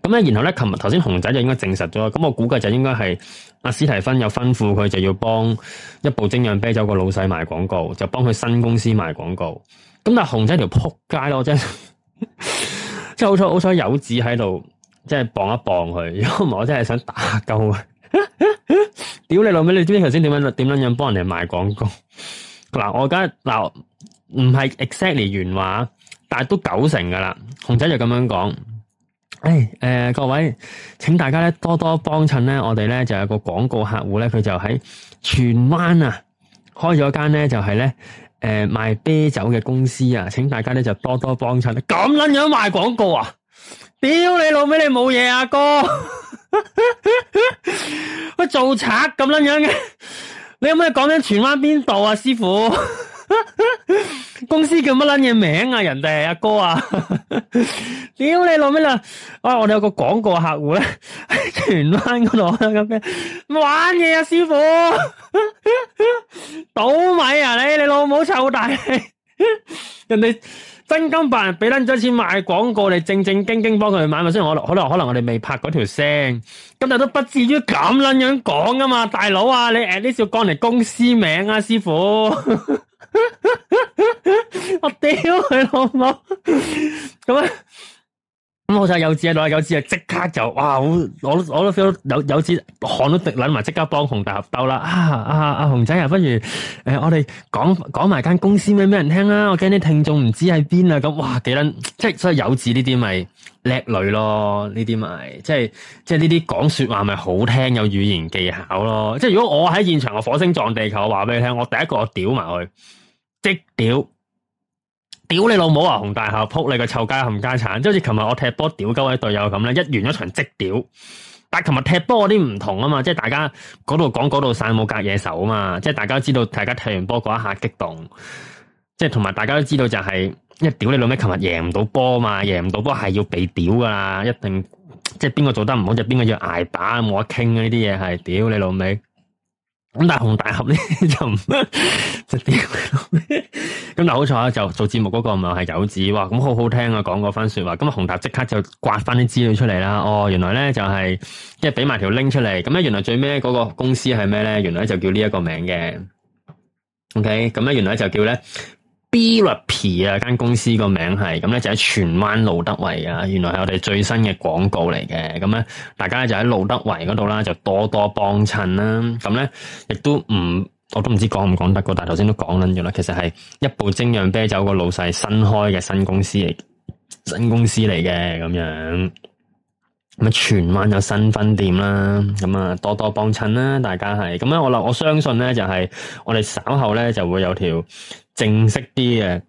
咁咧，然後咧，琴日頭先，紅仔就應該證實咗。咁我估計就應該係阿史提芬有吩咐佢，就要幫一部精釀啤酒個老細賣廣告，就幫佢新公司賣廣告。咁但係紅仔條撲街咯， 真係即係好彩好彩有紙喺度，即係磅一磅佢。如果唔係，我真係想打鳩佢。屌你老味，你知唔知頭先點樣點樣樣幫人哋賣廣告？嗱， 我而家嗱，唔係 exactly 原話，但係都九成噶啦。紅仔就咁樣講。誒，誒、哎呃，各位，請大家咧多多幫襯咧，我哋咧就有個廣告客戶咧，佢就喺荃灣啊，開咗間咧就係咧，誒賣啤酒嘅公司啊，請大家咧就多多幫襯。咁捻樣賣廣告啊！屌你老味、啊， 你冇嘢啊哥，乜做賊咁捻樣嘅？你可唔可以講緊荃灣邊度啊師傅？公司叫乜撚嘢名啊？人哋係阿哥啊！屌你老味啦！啊，我哋有個廣告客戶咧喺荃灣嗰度，咁咩玩嘢啊？師傅倒米啊！你你老母臭大氣，人哋。真金白銀俾撚咗錢賣廣告，你正正經經幫佢買咪先。雖然我好耐，可能我哋未拍嗰條聲，今日都不至於咁撚樣講㗎嘛，大佬啊，你誒呢要講嚟公司名啊，師傅， 我屌佢老母，咁啊！咁好彩有字啊，攞有字啊，即刻就哇！我我我都 feel 有有字汗都滴撚埋，即刻幫熊大俠兜啦！啊啊啊！熊仔啊，不如誒，我哋講講埋間公司俾俾人聽啦！我驚啲聽眾唔知喺邊啊！咁哇，幾捻即係所以有字呢啲咪叻女咯？呢啲咪即係即係呢啲講說話咪好聽，有語言技巧咯！即係如果我喺現場個火星撞地球，我話俾你聽，我第一個我屌埋佢，即屌！屌你老母啊！紅大校撲你個臭街冚家鏟，即好似琴日我踢波屌嗰位隊友咁咧，一完一場即屌。但係琴日踢波嗰啲唔同啊嘛，即係大家嗰度講嗰度散冇隔夜仇啊嘛，即係大家知道大家踢完波嗰一下激動，即係同埋大家都知道就係，因為，一屌你老味，琴日贏唔到波嘛，贏唔到波係要被屌噶啦，一定即係邊個做得唔好就邊個要挨打冇得傾啊！呢啲嘢係屌你老味。」咁大紅大俠呢就唔值啲咁， 但好彩就做節目嗰個咪係有字哇，咁好好聽啊，講嗰番說話。咁啊，紅塔即刻就刮翻啲資料出嚟啦。哦，原來咧就係即係俾埋條 link 出嚟，咁咧原來最尾嗰個公司係咩咧？原來就叫呢一個名嘅。OK，咁咧原來就叫咧。Brape 啊，間公司個名係咁咧，就喺、是、荃灣路德圍啊。原來係我哋最新嘅廣告嚟嘅。咁咧大家咧就喺路德圍嗰度啦，就多多幫襯啦。咁咧亦都唔，我都唔知講唔講得過，但係頭先都講緊咗啦。其實係一部精釀啤酒個老細新開嘅新公司嚟，新公司嚟嘅咁樣。咁啊，全晚有新分店啦，咁啊多多幫襯啦，大家係咁樣。我諗我相信咧，就係我哋稍後咧就會有條正式啲嘅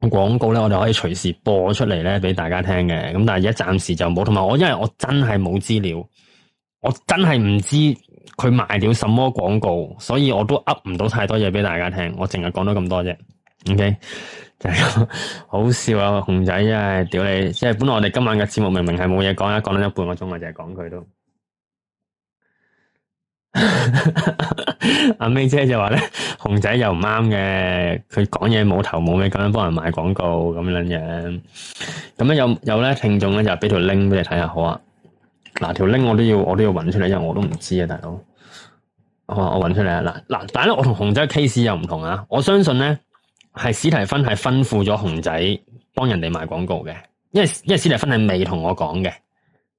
廣告咧，我哋可以隨時播出嚟咧俾大家聽嘅。咁但係而家暫時就冇，同埋我因為我真係冇資料，我真係唔知佢賣咗什麼廣告，所以我都噏唔到太多嘢俾大家聽。我淨係講咗咁多啫，ok。就係 好笑啊，熊仔真係屌你！即係本來我哋今晚嘅節目明明係冇嘢講，而家講到咗一半個鐘啊，就係講佢都。阿 May 姐就話咧，熊仔又唔啱嘅，佢講嘢冇頭冇尾，咁樣幫人賣廣告咁樣樣。咁咧有有咧聽眾咧就俾條 link 俾你睇下，好啊。嗱條 link 我都要我都要揾出嚟，因為我都唔知啊，大佬，好啊。我我揾出嚟啊！嗱嗱，但係咧我同熊仔嘅 case 又唔同啊！我相信咧。係史提芬係吩咐咗熊仔幫人哋賣廣告嘅，因為因為史提芬係未同我講嘅，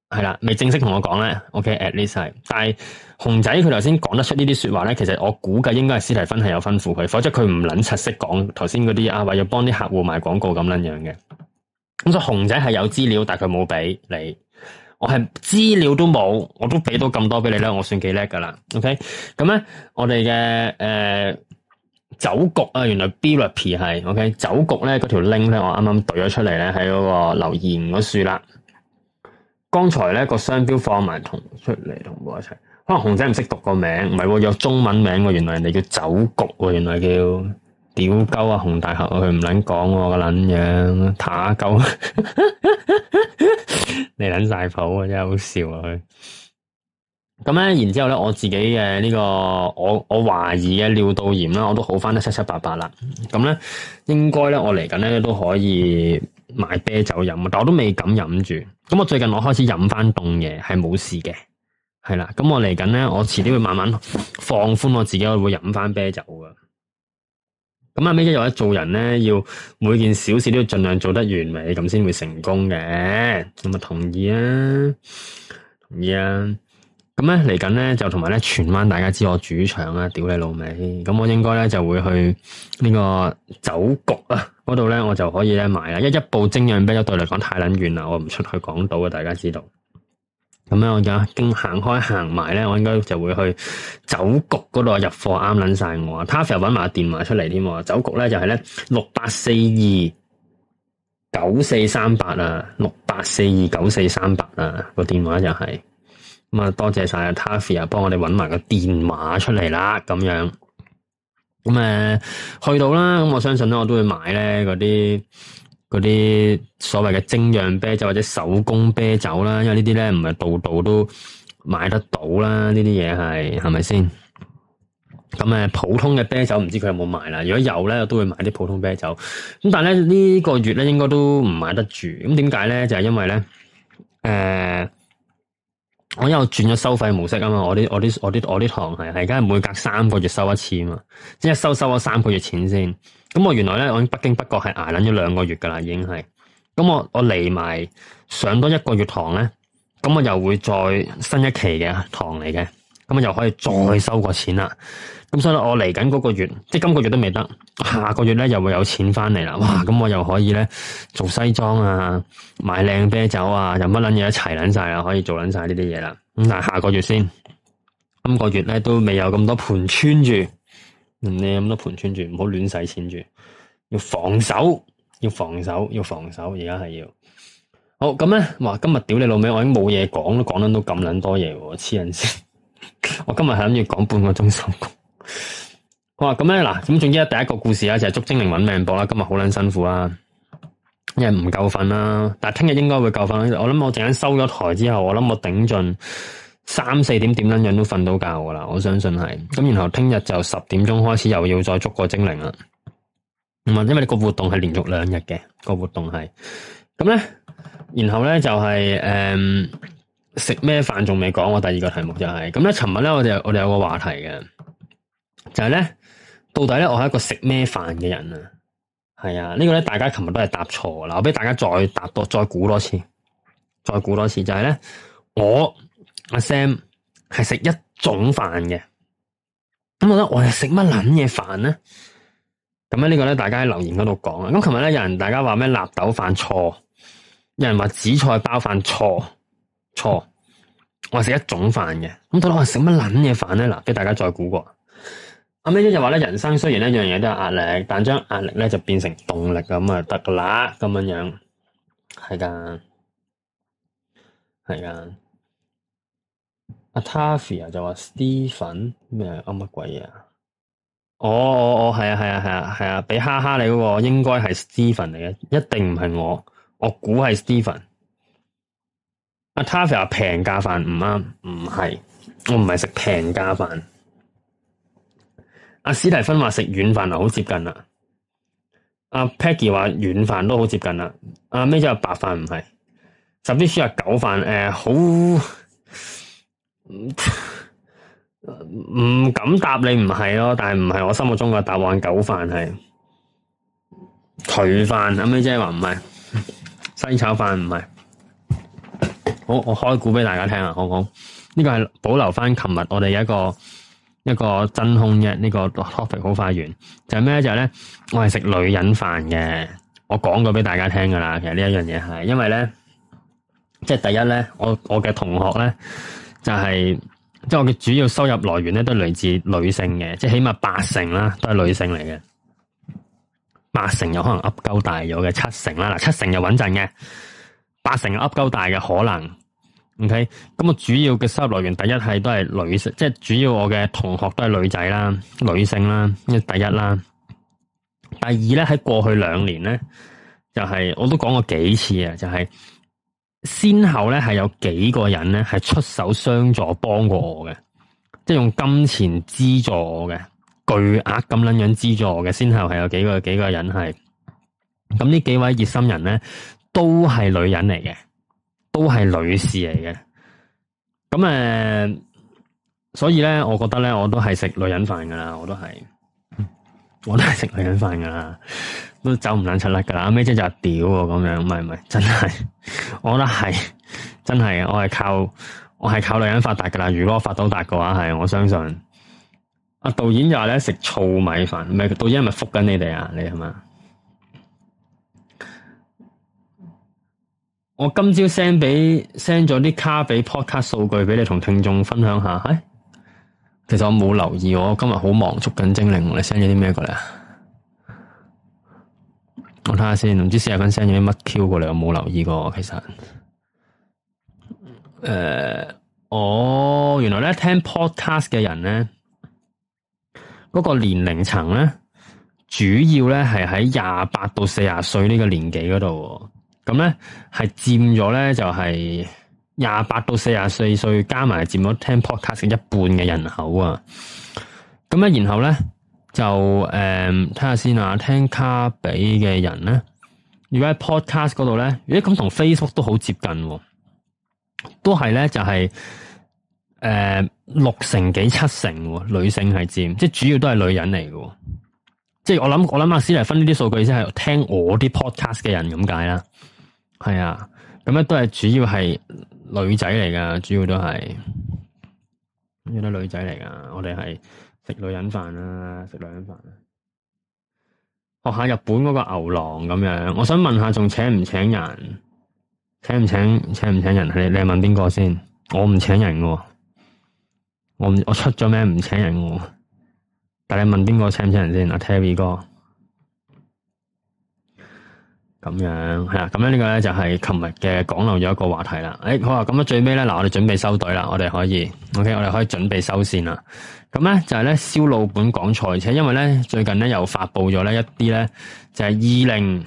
係啦，未正式同我講咧。OK，at least 係，但係熊仔佢頭先講得出呢啲說話咧，其實我估計應該係史提芬係有吩咐佢，否則佢唔捻七識講頭先嗰啲啊，話要幫啲客戶賣廣告咁捻樣嘅。咁所以熊仔係有資料，但係佢冇俾你。我係資料都冇，我都俾到咁多俾你咧，我算幾叻噶啦。OK，咁咧我哋嘅誒。呃酒局啊，原來 Biripi 係，OK？酒局咧，嗰條 link 咧，我啱啱懟咗出嚟咧，喺嗰個留言嗰處啦。剛才咧個商標放埋同出嚟，同我一齊。可能紅仔唔識讀個名，唔係喎，有中文名喎，原來人哋叫酒局喎，原來叫屌鳩啊，紅大俠，啊，佢唔捻講個捻樣，打鳩你捻晒譜啊， 真係好笑啊佢。咁咧，然之後咧，我自己嘅呢個，我我懷疑嘅尿道炎啦，我都好翻得七七八八啦。咁咧，應該咧，我嚟緊咧都可以買啤酒飲，但我都未敢飲住。咁我最近我開始飲翻凍嘢，係冇事嘅，係啦。咁我嚟緊咧，我遲啲會慢慢放寬我自己，我會飲翻啤酒噶。咁後一因為做人咧，要每件小事都要盡量做得完美，咁先會成功嘅。咁啊，同意啊，同意啊。咁咧嚟緊咧就同埋咧，荃灣大家知我主場啊，屌你老味。咁我應該咧就會去呢個酒局啊嗰度咧，我就可以咧買啦。一一部精釀啤，相對嚟講太撚遠啦，我唔出去港島嘅，大家知道。咁咧，我而家經行開行埋咧，我應該就會去酒局嗰度入貨啱撚晒我。咖啡又搵埋電話出嚟添，酒局咧就係咧六八四二九四三八啊，六八四二九四三八啊，個電話就係、是。咁啊，多謝晒 Taffy 啊，幫我哋搵埋個電話出嚟啦，咁樣。咁、嗯、誒，去到啦，咁我相信咧，我都會買咧嗰啲啲所謂嘅精釀啤酒或者手工啤酒啦，因為呢啲咧唔係度度都買得到啦，呢啲嘢係係咪先？咁誒、嗯，普通嘅啤酒唔知佢有冇賣啦，如果有咧，我都會買啲普通啤酒。咁但係咧呢、這個月咧，應該都唔買得住。咁點解咧？就係、是、因為咧，誒、呃。我因為轉咗收費模式啊嘛！我啲我啲我啲我啲堂係係，而家係每隔三個月收一次啊嘛！即係收收咗三個月錢先。咁我原來咧，我喺北京北國係捱撚咗兩個月噶啦，已經係。咁我我嚟埋上多一個月堂咧，咁我又會再新一期嘅堂嚟嘅，咁我又可以再收過錢啦。咁所以，我嚟緊嗰個月，即係今個月都未得，下個月咧又會有錢翻嚟啦。哇！咁我又可以咧做西裝啊，買靚啤酒啊，飲乜捻嘢一齊捻晒啊，可以做捻晒呢啲嘢啦。咁但係下個月先，今個月咧都未有咁多盤穿住，你有咁多盤穿住，唔好亂使錢住，要防守，要防守，要防守，而家係要。好咁咧，話今日屌你老味，我已經冇嘢講都講到都咁捻多嘢，黐人先。 我今日係諗住講半個鐘頭.哇，咁咧嗱，咁總之咧，第一個故事咧就係、是、捉精靈揾命搏啦。今日好捻辛苦啊，因為唔夠瞓啦。但係聽日應該會夠瞓，我諗我陣間收咗台之後，我諗我頂盡三四點點捻樣都瞓到覺噶啦。我相信係咁。然後聽日就十點鐘開始又要再捉個精靈啦。唔係，因為你個活動係連續兩日嘅個活動係。咁咧，然後咧就係誒食咩飯仲未講。我第二個題目就係咁咧。尋日咧我哋我哋有個話題嘅。就係咧，到底咧我係一個食咩飯嘅人啊？係啊，呢個咧大家琴日都係答錯啦。我俾大家再答多，再估多次，再估多次，就係咧，我阿 Sam 係食一種飯嘅。咁我覺得我係食乜撚嘢飯咧？咁樣呢個咧，大家喺留言嗰度講啊。咁琴日咧，有人大家話咩納豆飯錯，有人話紫菜包飯錯錯。我係食一種飯嘅，咁到底我係食乜撚嘢飯咧？嗱，俾大家再估過。阿 May 就話咧，人生雖然咧樣嘢都有壓力，但將壓力咧就變成動力咁啊，得啦，咁樣樣係噶，係噶。阿 Tavia 就話 Steven 咩噏乜鬼啊？哦哦哦，係啊係啊係啊係啊，畀蝦蝦你嗰個應該係 Steven 嚟嘅，一定唔係我，我估係 Steven。阿 Tavia 話平價飯唔啱，唔係我唔係食平價飯。阿史蒂芬話食軟飯啊，好接近啦。阿 Peggy 話軟飯都好接近啦。阿 May 姐話白飯唔係，十啲書話九飯誒，好、呃、唔 敢答你唔係咯，但係唔係我心目中嘅答案。九飯係台飯，阿 May、啊、姐話唔係西炒飯唔係。好，我開估俾大家聽啊，好唔好？呢個係保留翻琴日我哋一個。一個真空嘅呢、這個 topic 好、啊、快完，就係、是、咩就係、是、咧，我係食女人飯嘅，我講過俾大家聽噶啦。其實呢一樣嘢係，因為咧，即係第一咧，我我嘅同學咧就係、是，即係我嘅主要收入來源咧都係嚟自女性嘅，即係起碼八成啦，都係女性嚟嘅，八成有可能噏鳩大咗嘅，七成啦，嗱七成就穩陣嘅，八成噏鳩大嘅可能。OK，咁我主要嘅收入來源，第一係都係女性，即係主要我嘅同學都係女仔啦，女性啦，呢第一啦。第二咧喺過去兩年咧，就係我都講過幾次啊，就係先後咧係有幾個人咧係出手相助幫過我嘅，即係用金錢資助我嘅，巨額咁捻樣資助我嘅，先後係有幾個幾個人係，咁呢幾位熱心人咧都係女人嚟嘅。都係女士嚟嘅，咁誒、呃，所以咧，我覺得咧，我都係食女人飯噶啦，我都係，我都係食女人飯噶啦，都走唔甩出甩噶啦，咩即就屌咁、啊、樣，唔係唔係，真係，我覺得係真係，我係靠我係靠女人發達噶啦，如果我發到達嘅話，係我相信。阿、啊、導演就話咧食糙米飯，唔係，導演係咪覆緊你哋啊，你係咪？我今朝 send 俾 send 咗啲卡俾 podcast 數據俾你同聽眾分享下、哎，其實我冇留意，我今日好忙，捉緊精靈。你 send 咗啲咩過嚟啊？我睇下先，唔知四十分 send 咗啲乜 Q 過嚟，我冇留意過。其實，誒、呃、我、哦、原來咧聽 podcast 嘅人咧，嗰、那個年齡層咧，主要咧係喺廿八到四十歲呢個年紀嗰度。咁咧，係佔咗咧就係廿八到四十四歲加埋，佔咗聽 podcast 一半嘅人口啊！咁咧，然後咧就誒，睇、嗯、下先啊，聽卡比嘅人咧，如果喺 podcast 嗰度咧，果、呃、咁同 Facebook 都好接近、啊，都係咧就係、是、誒、呃、六成幾七成、啊、女性係佔，即係主要都係女人嚟嘅，即係我諗我諗阿斯利分呢啲數據先係聽我啲 podcast 嘅人咁解啦。係啊，咁樣都係主要係女仔嚟噶，主要都係咁樣女仔嚟噶。我哋係食女人飯啊，食女人飯，啊。學、哦、下日本嗰個牛郎咁樣。我想問下，仲請唔請人？請唔請？請唔請人？你你問邊個先？我唔請人嘅，我唔我出咗名唔請人嘅。但係你問邊個請唔請人先？阿、啊、Terry 哥。咁樣係啊，咁樣呢個咧就係琴日嘅講漏咗一個話題啦。誒、欸，好啊，咁啊最尾咧嗱，我哋準備收隊啦，我哋可以，OK，我哋可以準備收線啦。咁咧就係咧燒老本講賽車，因為咧最近咧又發佈咗咧一啲咧就係二零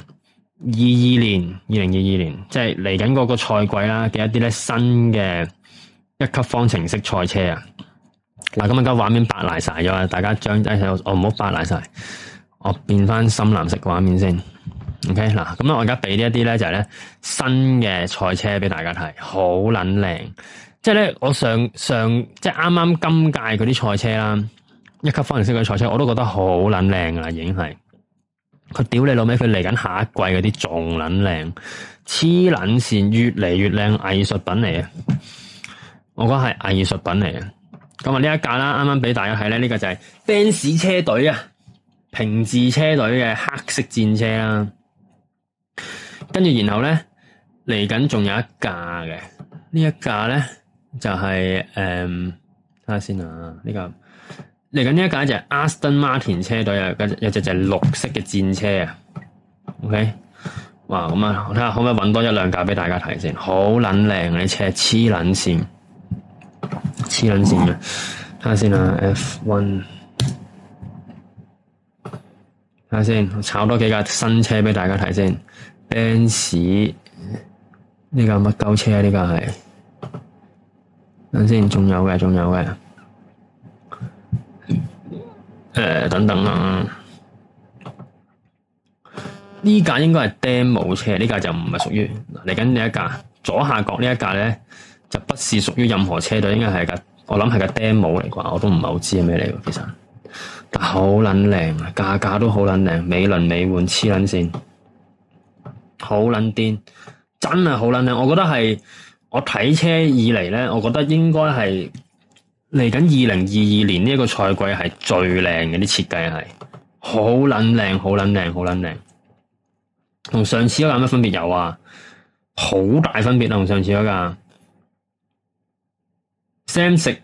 二二年、二零二二年，即係嚟緊嗰個賽季啦嘅一啲咧新嘅一級方程式賽車啊。嗱，咁而家畫面白爛晒，咗係大家將低睇我唔好白爛晒，我變翻深藍色畫面先。OK 嗱，咁啊，我而家俾呢一啲咧，就係咧新嘅賽車俾大家睇，好撚靚！即係咧，我上上即係啱啱今屆嗰啲賽車啦，一級方程式嘅賽車，我都覺得好撚靚啦，已經係。佢屌你老尾，佢嚟緊下一季嗰啲仲撚靚，黐撚線，越嚟越靚，藝術品嚟嘅。我覺得係藝術品嚟嘅。咁啊，呢一架啦，啱啱俾大家睇咧，呢、呢個就係 fans 車隊啊，平治車隊嘅黑色戰車啦、啊。跟住然後咧，嚟緊仲有一架嘅，呢一架咧就係、是、誒，睇、嗯、下先啊，呢架嚟緊呢一架就係阿斯頓馬丁車隊啊，有隻有隻綠色嘅戰車啊，OK，哇，咁啊，睇下可唔可以搵多一兩架俾大家睇先，好捻靚啊啲車，黐捻線，黐捻線嘅，睇下先啊，F1。F 睇下先，我炒多幾架新車畀大家睇先。奔馳呢架乜鳩車啊？呢架係，等先，仲有嘅，仲有嘅。誒，等等啦。呢架、欸這個、應該係 demo 車，呢、這、架、個、就唔係屬於。嚟緊呢一架左下角呢一架咧，就不是屬於任何車隊，應該係架我諗係架 demo 嚟啩，我都唔係好知係咩嚟嘅其實。好捻靚啊！價格都好捻靚，美輪美奐黐捻線，好捻癲，真係好捻靚。我覺得係我睇車以嚟呢，我覺得應該係嚟緊二零二二年呢一個賽季係最靚嘅，啲設計係好捻靚，好捻靚，好捻靚。同上次嗰架有乜分別有啊？好大分別啦，啊，同上次嗰架。Sam 食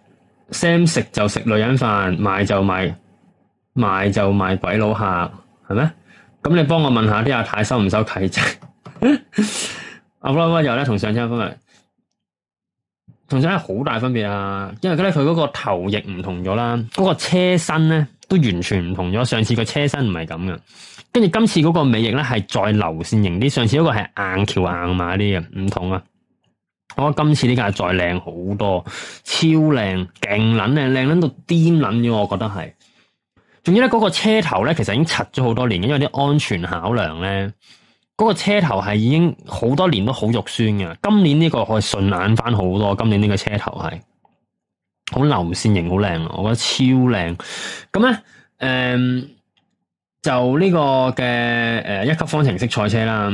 Sam 食就食女人飯，買就買。賣就賣鬼佬客，係咩？咁你幫我問下啲阿太，太收唔收契仔？阿威威又咧同上車分嚟，同上咧好大分別啊！因為咧佢嗰個頭翼唔同咗啦，嗰、嗰個車身咧都完全唔同咗。上次個車身唔係咁嘅，跟住今次嗰個尾翼咧係再流線型啲，上次嗰個係硬橋硬馬啲嘅，唔同啊！我覺得今次呢架再靚好多，超靚，勁撚靚，靚撚到癲撚咗，我覺得係。仲要咧，嗰個車頭咧，其實已經拆咗好多年，因為啲安全考量咧，嗰、那個車頭係已經好多年都好肉酸嘅。今年呢個可以順眼翻好多，今年呢個車頭係好流線型，好靚，我覺得超靚。咁咧，誒、嗯，就呢個嘅誒、呃、一級方程式賽車啦。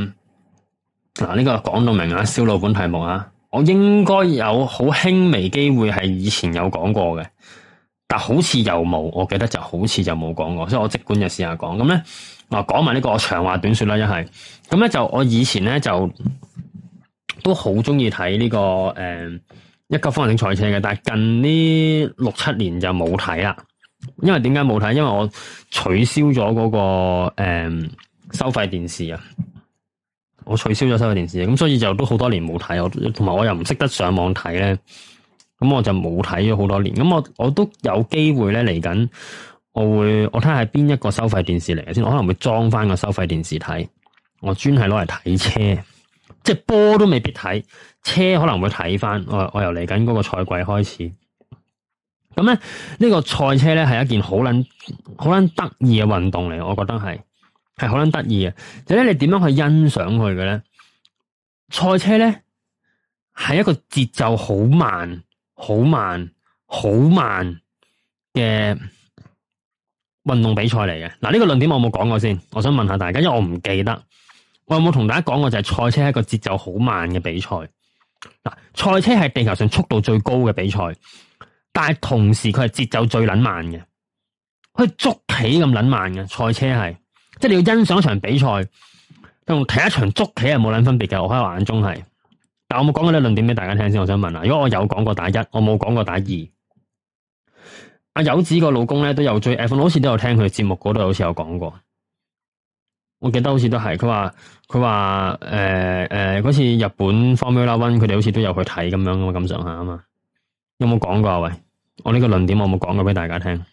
嗱、啊，呢、這個講到明啦，燒老本題目啊，我應該有好輕微機會係以前有講過嘅。但好似又冇，我記得就好似就冇講過，所以我即管就試下講咁咧。啊，講埋呢個，我長話短說啦，一係咁咧就我以前咧就都好中意睇呢個誒、嗯、一級方程式賽車嘅，但係近呢六七年就冇睇啦。因為點解冇睇？因為我取消咗嗰、那個誒、嗯、收費電視啊，我取消咗收費電視，咁所以就都好多年冇睇。我同埋我又唔識得上網睇咧。咁我就冇睇咗好多年。咁我我都有機會咧嚟緊，我會我睇下邊一個收費電視嚟嘅先，我可能會裝翻個收費電視睇。我專係攞嚟睇車，即係波都未必睇，車可能會睇翻。我我由嚟緊嗰個賽季開始，咁咧呢個賽車咧係一件好捻好捻得意嘅運動嚟，我覺得係係好捻得意嘅。就咧你點樣去欣賞佢嘅咧？賽車咧係一個節奏好慢。好慢，好慢嘅運動比賽嚟嘅。嗱，呢個論點我冇講過先，我想問下大家，因為我唔記得，我有冇同大家講過就係賽車係一個節奏好慢嘅比賽。嗱，賽車係地球上速度最高嘅比賽，但係同時佢係節奏最撚慢嘅，可以捉棋咁撚慢嘅賽車係，即係你要欣賞一場比賽，同睇一場捉棋係冇撚分別嘅，我喺我眼中係。我有冇講過呢個論點俾大家聽先？我想問啊，如果我有講過打一，我冇講過打二。阿友子個老公咧都有追 F1 好似都有聽佢節目，嗰度好似有講過。我記得好似都係佢話佢話誒誒，嗰、呃呃、次日本 Formula One 佢哋好似都有去睇咁樣啊嘛，咁上下啊嘛。有冇講過啊？喂，我呢個論點我冇講過俾大家聽。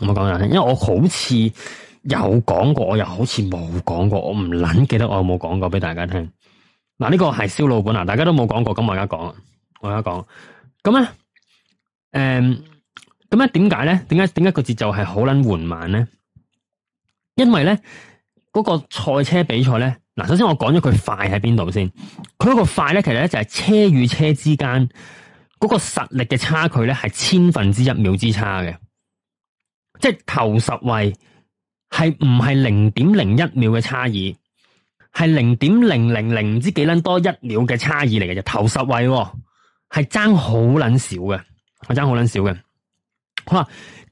有冇講過俾大家聽？因為我好似有講過，我又好似冇講過，我唔捻記得我有冇講過俾大家聽。嗱，呢個係燒老本啊！大家都冇講過，咁我而家講啊，我而家講。咁咧，誒、嗯，咁咧點解咧？點解點解個節奏係好捻緩慢咧？因為咧，嗰、那個賽車比賽咧，嗱，首先我講咗佢快喺邊度先。佢個快咧，其實咧就係車與車之間嗰、那個實力嘅差距咧，係千分之一秒之差嘅，即係頭十位係唔係零點零一秒嘅差異。係零點零零零唔知幾撚多一秒嘅差異嚟嘅，就頭十位係爭好撚少嘅，我爭好撚少嘅。好啦，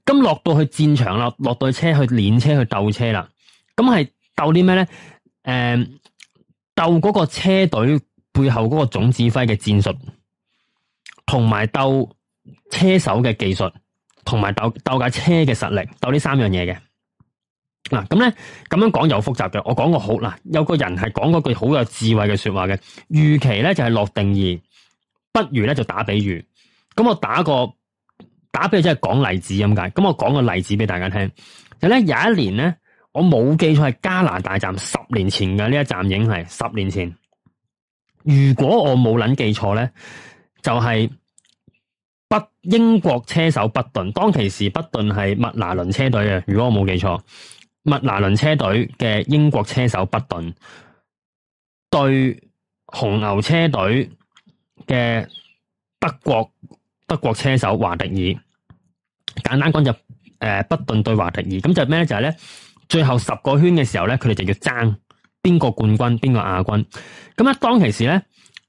咁落到去戰場啦，落到車去練車去鬥車啦，咁係鬥啲咩咧？誒、嗯，鬥嗰個車隊背後嗰個總指揮嘅戰術，同埋鬥車手嘅技術，同埋鬥鬥架車嘅實力，鬥呢三樣嘢嘅。嗱，咁咧咁樣講又複雜嘅，我講個好嗱，有個人係講嗰句好有智慧嘅說話嘅，預期咧就係落定義，不如咧就打比喻，咁我打個打比喻即係講例子咁解，咁我講個例子俾大家聽，就咧、是、有一年咧，我冇記錯係加拿大站十年前嘅，呢一站已經係十年前，如果我冇捻記錯咧，就係、是、不英國車手畢頓，當其時畢頓係麥拿倫車隊嘅，如果我冇記錯。麥拿倫車隊嘅英國車手畢頓對紅牛車隊嘅德國德國車手華迪爾，簡單講就誒、是，畢、呃、頓對華迪爾，咁就咩咧？就係、是、咧，最後十個圈嘅時候咧，佢哋就要爭邊個冠軍，邊個亞軍。咁咧、呃，當其時咧，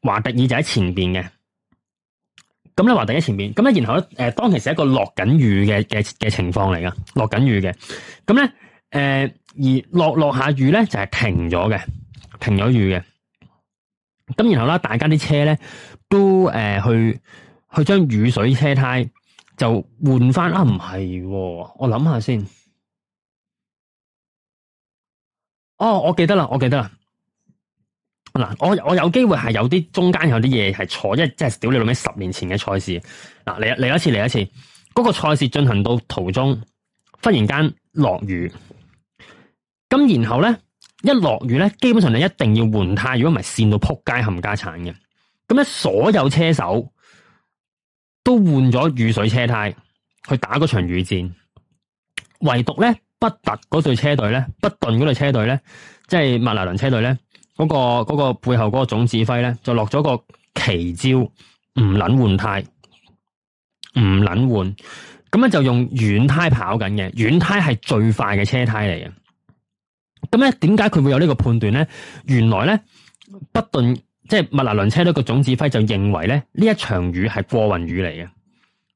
華迪爾就喺前邊嘅，咁咧華迪爾喺前邊，咁咧然後咧，誒，當其時係一個落緊雨嘅嘅嘅情況嚟噶，落緊雨嘅，咁咧。誒、呃，而落落下雨咧，就係、是、停咗嘅，停咗雨嘅。咁然後咧，大家啲車咧都誒、呃、去去將雨水車胎就換翻。啊，唔係、哦，我諗下先。哦，我記得啦，我記得啦。嗱，我我有機會係有啲中間有啲嘢係坐一即係屌你老味十年前嘅賽事。嗱，嚟一嚟一次，嚟一次。嗰、那個賽事進行到途中，忽然間落雨。咁然後咧，一落雨咧，基本上就一定要換胎，如果唔係線到撲街冚家鏟嘅。咁咧，所有車手都換咗雨水車胎去打嗰場雨戰，唯獨咧不突嗰隊車隊咧，不頓嗰隊車隊咧，即係麥拿倫車隊咧，嗰個，嗰個背後嗰個總指揮咧，就落咗個奇招，唔捻換胎，唔捻換，咁樣就用軟胎跑緊嘅，軟胎係最快嘅車胎嚟嘅。咁咧，點解佢會有呢個判斷咧？原來咧，不頓即係、就是、麥拿倫車隊嘅總指揮就認為咧，呢一場雨係過雲雨嚟嘅，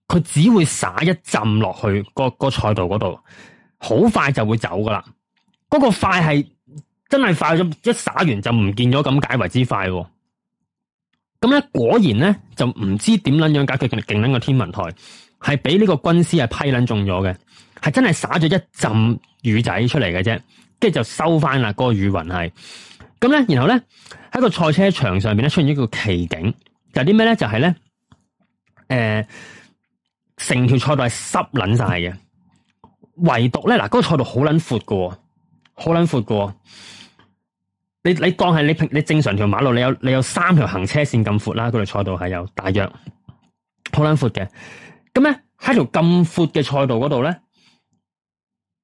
佢只會灑一浸落去、那個、那個賽道嗰度，好快就會走噶啦。嗰、那個快係真係快咗，一灑完就唔見咗咁解為之快。咁、嗯、咧，果然咧就唔知點撚樣解決。佢哋勁撚個天文台係俾呢個軍師係批撚中咗嘅，係真係灑咗一浸雨仔出嚟嘅啫。跟住就收翻啦，嗰個雨雲係咁咧。然後咧，喺個賽車場上邊咧，出現咗一個奇景，就係啲咩咧？就係咧誒，成條賽道係濕撚晒嘅，唯獨咧嗱，嗰個賽道好撚闊嘅，好撚闊嘅。你你當係你你正常條馬路，你有你有三條行車線咁闊啦，嗰條賽道係有，大約好撚闊嘅。咁咧喺條咁闊嘅賽道嗰度咧。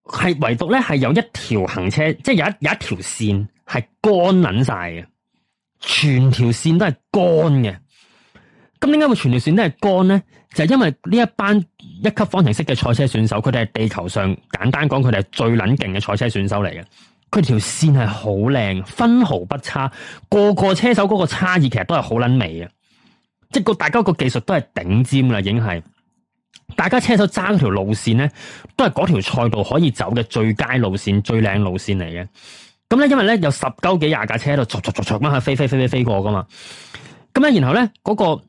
係唯獨咧係有一條行車，即係有一有一條線係乾捻晒嘅，全條線都係乾嘅。咁點解會全條線都係乾咧？就係因為呢一班一級方程式嘅賽車選手，佢哋係地球上簡單講，佢哋係最捻勁嘅賽車選手嚟嘅。佢條線係好靚，分毫不差，個個車手嗰個差異其實都係好捻微嘅，即係個大家個技術都係頂尖啦，已經係。大家車手揸嗰條路線咧，都係嗰條賽道可以走嘅最佳路線、最靚路線嚟嘅。咁咧，因為咧有十鳩幾廿架車喺度，逐逐逐逐咁樣飛飛飛飛飛過噶嘛。咁咧然後咧，嗰、那個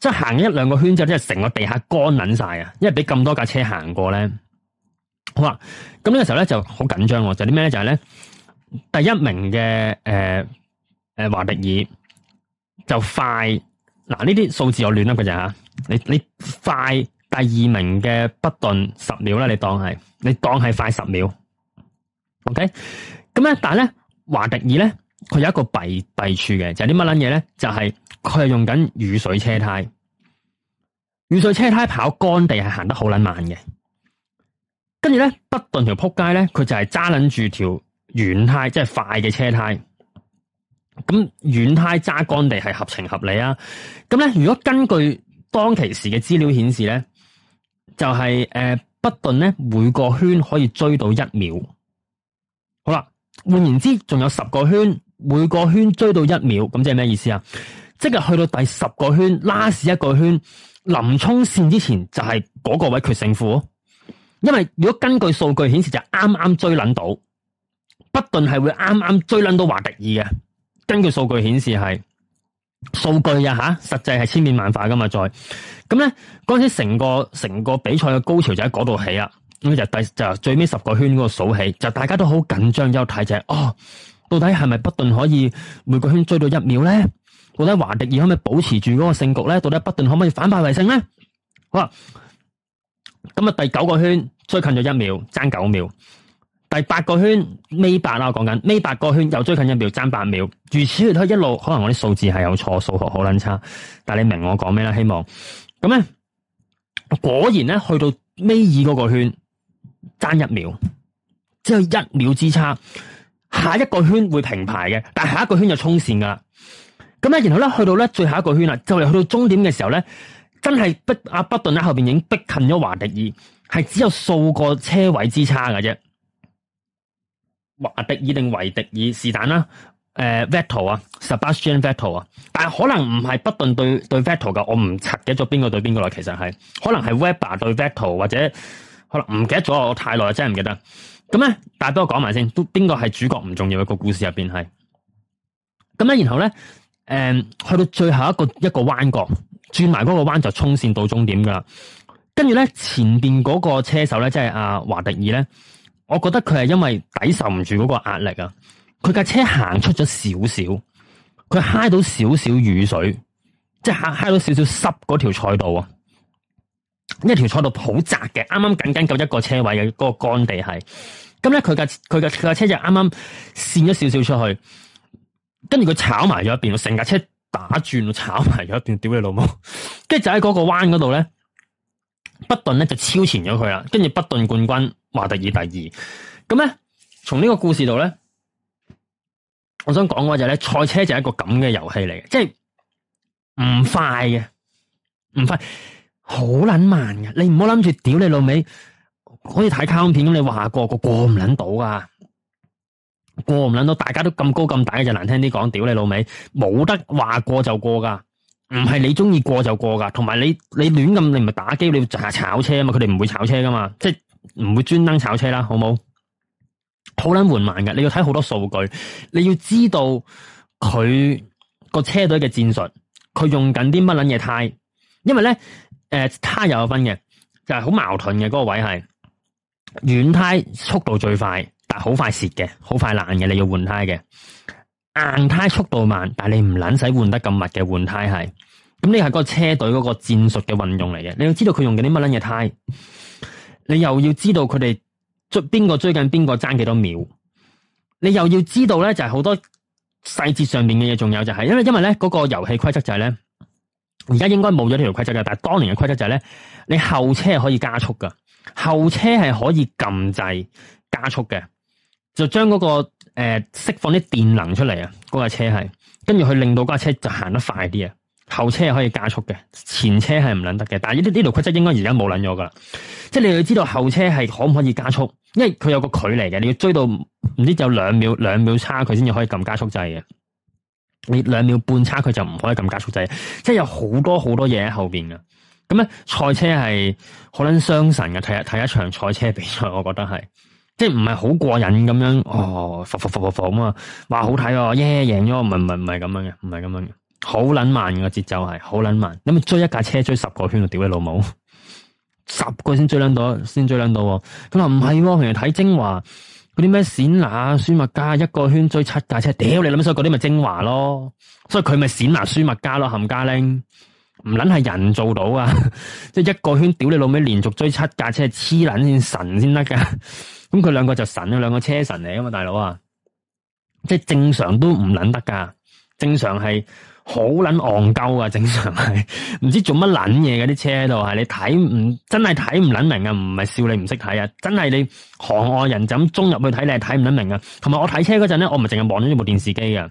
即係行一兩個圈之後，即係成個地下乾捻晒啊！因為俾咁多架車行過咧，好啦。咁、這、呢個時候咧就好緊張、啊，就啲咩咧？就係、是、咧，第一名嘅誒誒華迪爾就快嗱，呢啲數字我亂一佢就吓？你你，你快。第二名嘅北頓十秒啦，你當係你當係快十秒，OK？咁咧，但係咧，華迪爾咧，佢有一個弊弊處嘅，就係啲乜捻嘢咧？就係佢係用緊雨水車胎，雨水車胎跑乾地係行得好捻慢嘅。跟住咧，北頓條撲街咧，佢就係揸捻住條軟胎，即係快嘅車胎，咁軟胎揸乾地係合情合理啊！咁、嗯、咧，如果根據當其時嘅資料顯示咧。就係、是、誒，不頓咧每個圈可以追到一秒，好啦，換言之，仲有十個圈，每個圈追到一秒，咁即係咩意思啊？即係去到第十個圈，拉屎一個圈，臨衝線之前就係嗰個位決勝負，因為如果根據數據顯示就啱啱追捻到，不頓係會啱啱追捻到華迪爾嘅，根據數據顯示係。數據啊吓，實際係千變萬化噶嘛，再咁咧嗰陣時成個成個比賽嘅高潮就喺嗰度起啊，咁就第就最尾十個圈嗰個數起，就大家都好緊張，又睇住哦，到底係咪不斷可以每個圈追到一秒咧？到底華迪爾可唔可以保持住嗰個勝局咧？到底不斷可唔可以反敗為勝咧？好啦，咁啊第九個圈追近咗一秒，爭九秒。第八個圈尾八啦，我講緊尾八個圈又追近一秒，爭八秒。如此嚟睇，一路，可能我啲數字係有錯，數學好撚差。但係你明我講咩啦？希望咁咧，果然咧去到尾二嗰個圈爭一秒，只有一秒之差。下一個圈會平排嘅，但下一個圈就衝線噶啦。咁咧，然後咧去到咧最後一個圈啦，就嚟去到終點嘅時候咧，真係逼阿畢頓喺後邊已經逼近咗華迪爾，係只有數個車位之差嘅啫。華迪爾定維迪爾是但啦，誒，Vettel 啊，Sebastian Vettel 啊，但係可能唔係不頓對對 Vettel 噶，我唔記咗邊個對邊個啦，其實係可能係 Webber 對 Vettel 或者可能唔記得咗，我太耐啦，真係唔記得。咁咧，但係俾我講埋先，都邊個係主角唔重要，個故事入邊係。咁咧，然後咧，誒、嗯，去到最後一個一個彎角，轉埋嗰個彎就衝線到終點噶啦。跟住咧，前邊嗰個車手咧，即係阿華迪爾咧。我覺得佢係因為抵受唔住嗰個壓力啊！佢架車行出咗少少，佢揩到少少雨水，即係揩揩到少少濕嗰條賽道啊！一條賽道好窄嘅，啱啱僅僅夠一個車位嘅嗰個乾地係。咁咧，佢架佢架佢架車就啱啱跣咗少少出去，跟住佢炒埋咗一邊，成架車打轉，炒埋咗一段，屌你老母！跟住就喺嗰個彎嗰度咧，不頓咧就超前咗佢啦，跟住不頓冠軍。話第二第二，咁咧從呢個故事度咧，我想講嘅話就咧、是，賽車就係一個咁嘅遊戲嚟嘅，即係唔快嘅，唔快，好撚慢嘅。你唔好諗住屌你老味，可以睇卡通片咁，你話過過過唔捻到噶過唔捻到，大家都咁高咁大嘅，就難聽啲講，屌你老味，冇得話過就過噶唔係你中意過就過噶同埋你你亂咁，你唔係打機，你要炸炒車啊嘛，佢哋唔會炒車噶嘛，即係。唔會專登炒車啦，好冇？好捻緩慢嘅，你要睇好多數據，你要知道佢個車隊嘅戰術，佢用緊啲乜捻嘢胎？因為咧，誒、呃，胎又有分嘅，就係、是、好矛盾嘅嗰個位係軟胎，軟軟速度最快，但係好快蝕嘅，好快爛嘅，你要換胎嘅。硬胎速度慢，但係你唔捻使換得咁密嘅換胎係。咁呢係個車隊嗰個戰術嘅運用嚟嘅，你要知道佢用緊啲乜捻嘢胎。你又要知道佢哋追邊個追緊邊個爭幾多秒？你又要知道咧，就係好多細節上面嘅嘢，仲有就係，因為因為咧嗰個遊戲規則就係咧，而家應該冇咗呢條規則嘅，但係當年嘅規則就係咧，你後車可以加速噶，後車係可以撳掣加速嘅，就將嗰個誒釋放啲電能出嚟啊，嗰架車係，跟住去令到架車就行得快啲啊。後車係可以加速嘅，前車係唔捻得嘅。但係呢呢條規則應該而家冇捻咗噶啦，即係你要知道後車係可唔可以加速，因為佢有個距離嘅，你要追到唔知有兩秒兩秒差佢先至可以撳加速掣嘅。你兩秒半差佢就唔可以撳加速掣，即係有好多好多嘢喺後邊嘅。咁咧賽車係可能傷神嘅，睇睇一場賽車比賽，我覺得係即係唔係好過癮咁樣哦，伏伏伏伏伏咁啊！哇，好睇哦，耶，贏咗，唔係唔係唔係咁樣嘅，唔係咁樣嘅。好捻慢嘅節奏係，好捻慢。你咪追一架車追十個圈，屌你老母，十個先追兩到，先追兩到。咁話唔係，平日睇精華，嗰啲咩閃拿舒密加一個圈追七架車，屌你諗，所以嗰啲咪精華咯。所以佢咪閃拿舒密加咯，冚家拎，唔捻係人做到啊！即 係一個圈屌你老味連續追七架車，黐捻先神先得噶。咁佢兩個就神，兩個車神嚟噶嘛，大佬啊！即係正常都唔捻得噶，正常係。好捻戇鳩啊，正常係，唔知做乜捻嘢，嗰啲車喺度，係你睇唔真係睇唔捻明啊，唔係笑你唔識睇啊，真係你行外人就咁衝入去睇，你係睇唔捻明啊。同埋我睇車嗰陣咧，我唔係淨係望咗呢部電視機噶，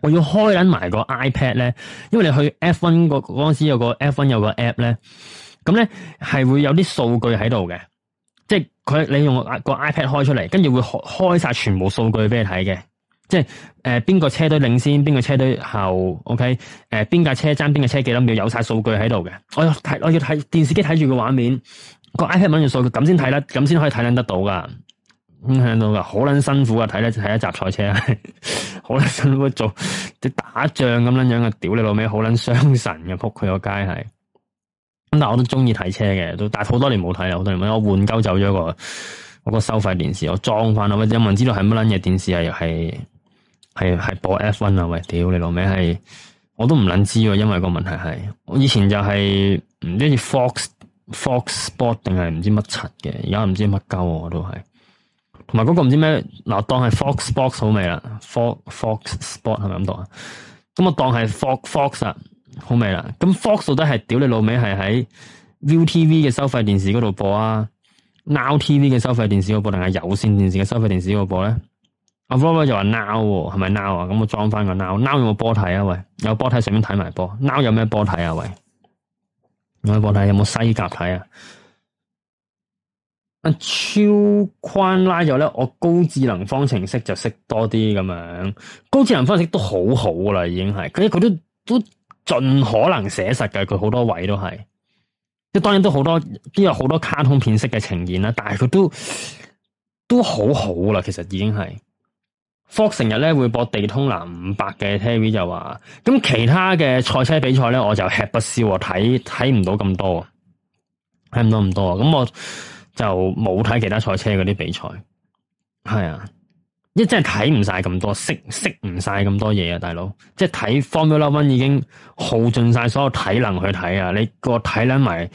我要開捻埋個 iPad 咧，因為你去 F1 嗰陣時有個 F1 有個 app 咧，咁咧係會有啲數據喺度嘅，即係佢你用個 iPad 開出嚟，跟住會開開晒全部數據俾你睇嘅。即係誒，邊、呃、個車隊領先，邊個車隊後，OK？誒、呃，邊架車爭邊架車幾多秒要有晒數據喺度嘅。我睇，我要睇電視機睇住嘅畫面，個 iPad 搵住數據咁先睇得，咁先可以睇捻得到噶。咁睇到噶，好捻辛苦啊！睇咧睇一集賽車，好捻辛苦做，即打仗咁捻樣嘅。屌你老味，好捻傷神嘅，仆佢個街係。咁但係我都中意睇車嘅，都但係好多年冇睇啦，好多年我換鳩走咗、個，我、個收費電視我裝翻啦，因為唔知道係乜捻嘢電視又係。係係播 F1 啊！喂，屌你老味。係，我都唔捻知，因為個問題係，我以前就係、是、唔知似 Fox, Fox Fox Sport 定係唔知乜柒嘅，而家唔知乜鳩我都係，同埋嗰個唔知咩，嗱當係 Fox Sport 好未啊？Fox Sport 係咪咁讀啊？咁啊當係 Fox Fox 啊，好未啦？咁 Fox 都係屌你老了味。係喺 ViuTV 嘅收費電視嗰度播啊，Now TV 嘅收費電視嗰度播，定係有線電視嘅收費電視嗰度播咧？阿 Vova 就話 Now 係咪 Now 啊？咁我裝翻個 Now Now 有冇波睇啊？喂，有波睇上邊睇埋波 Now 有咩波睇啊？喂，我冇波睇有冇西甲睇啊？阿超寬拉咗咧，我高智能方程式就識多啲咁樣，高智能方程式都好好啦，已經係佢，佢都都盡可能寫實嘅，佢好多位都係，即當然都好多都有好多卡通片式嘅呈現啦，但係佢都都好好啦，其實已經係。霍成日咧會播地通拿五百嘅 TV 就話，咁其他嘅賽車比賽咧我就吃不消，睇睇唔到咁多，睇唔到咁多，咁我就冇睇其他賽車嗰啲比賽。係啊，一真係睇唔晒咁多，識識唔晒咁多嘢啊，大佬！即係睇 Formula One 已經耗盡晒所有體能去睇啊，你個體撚埋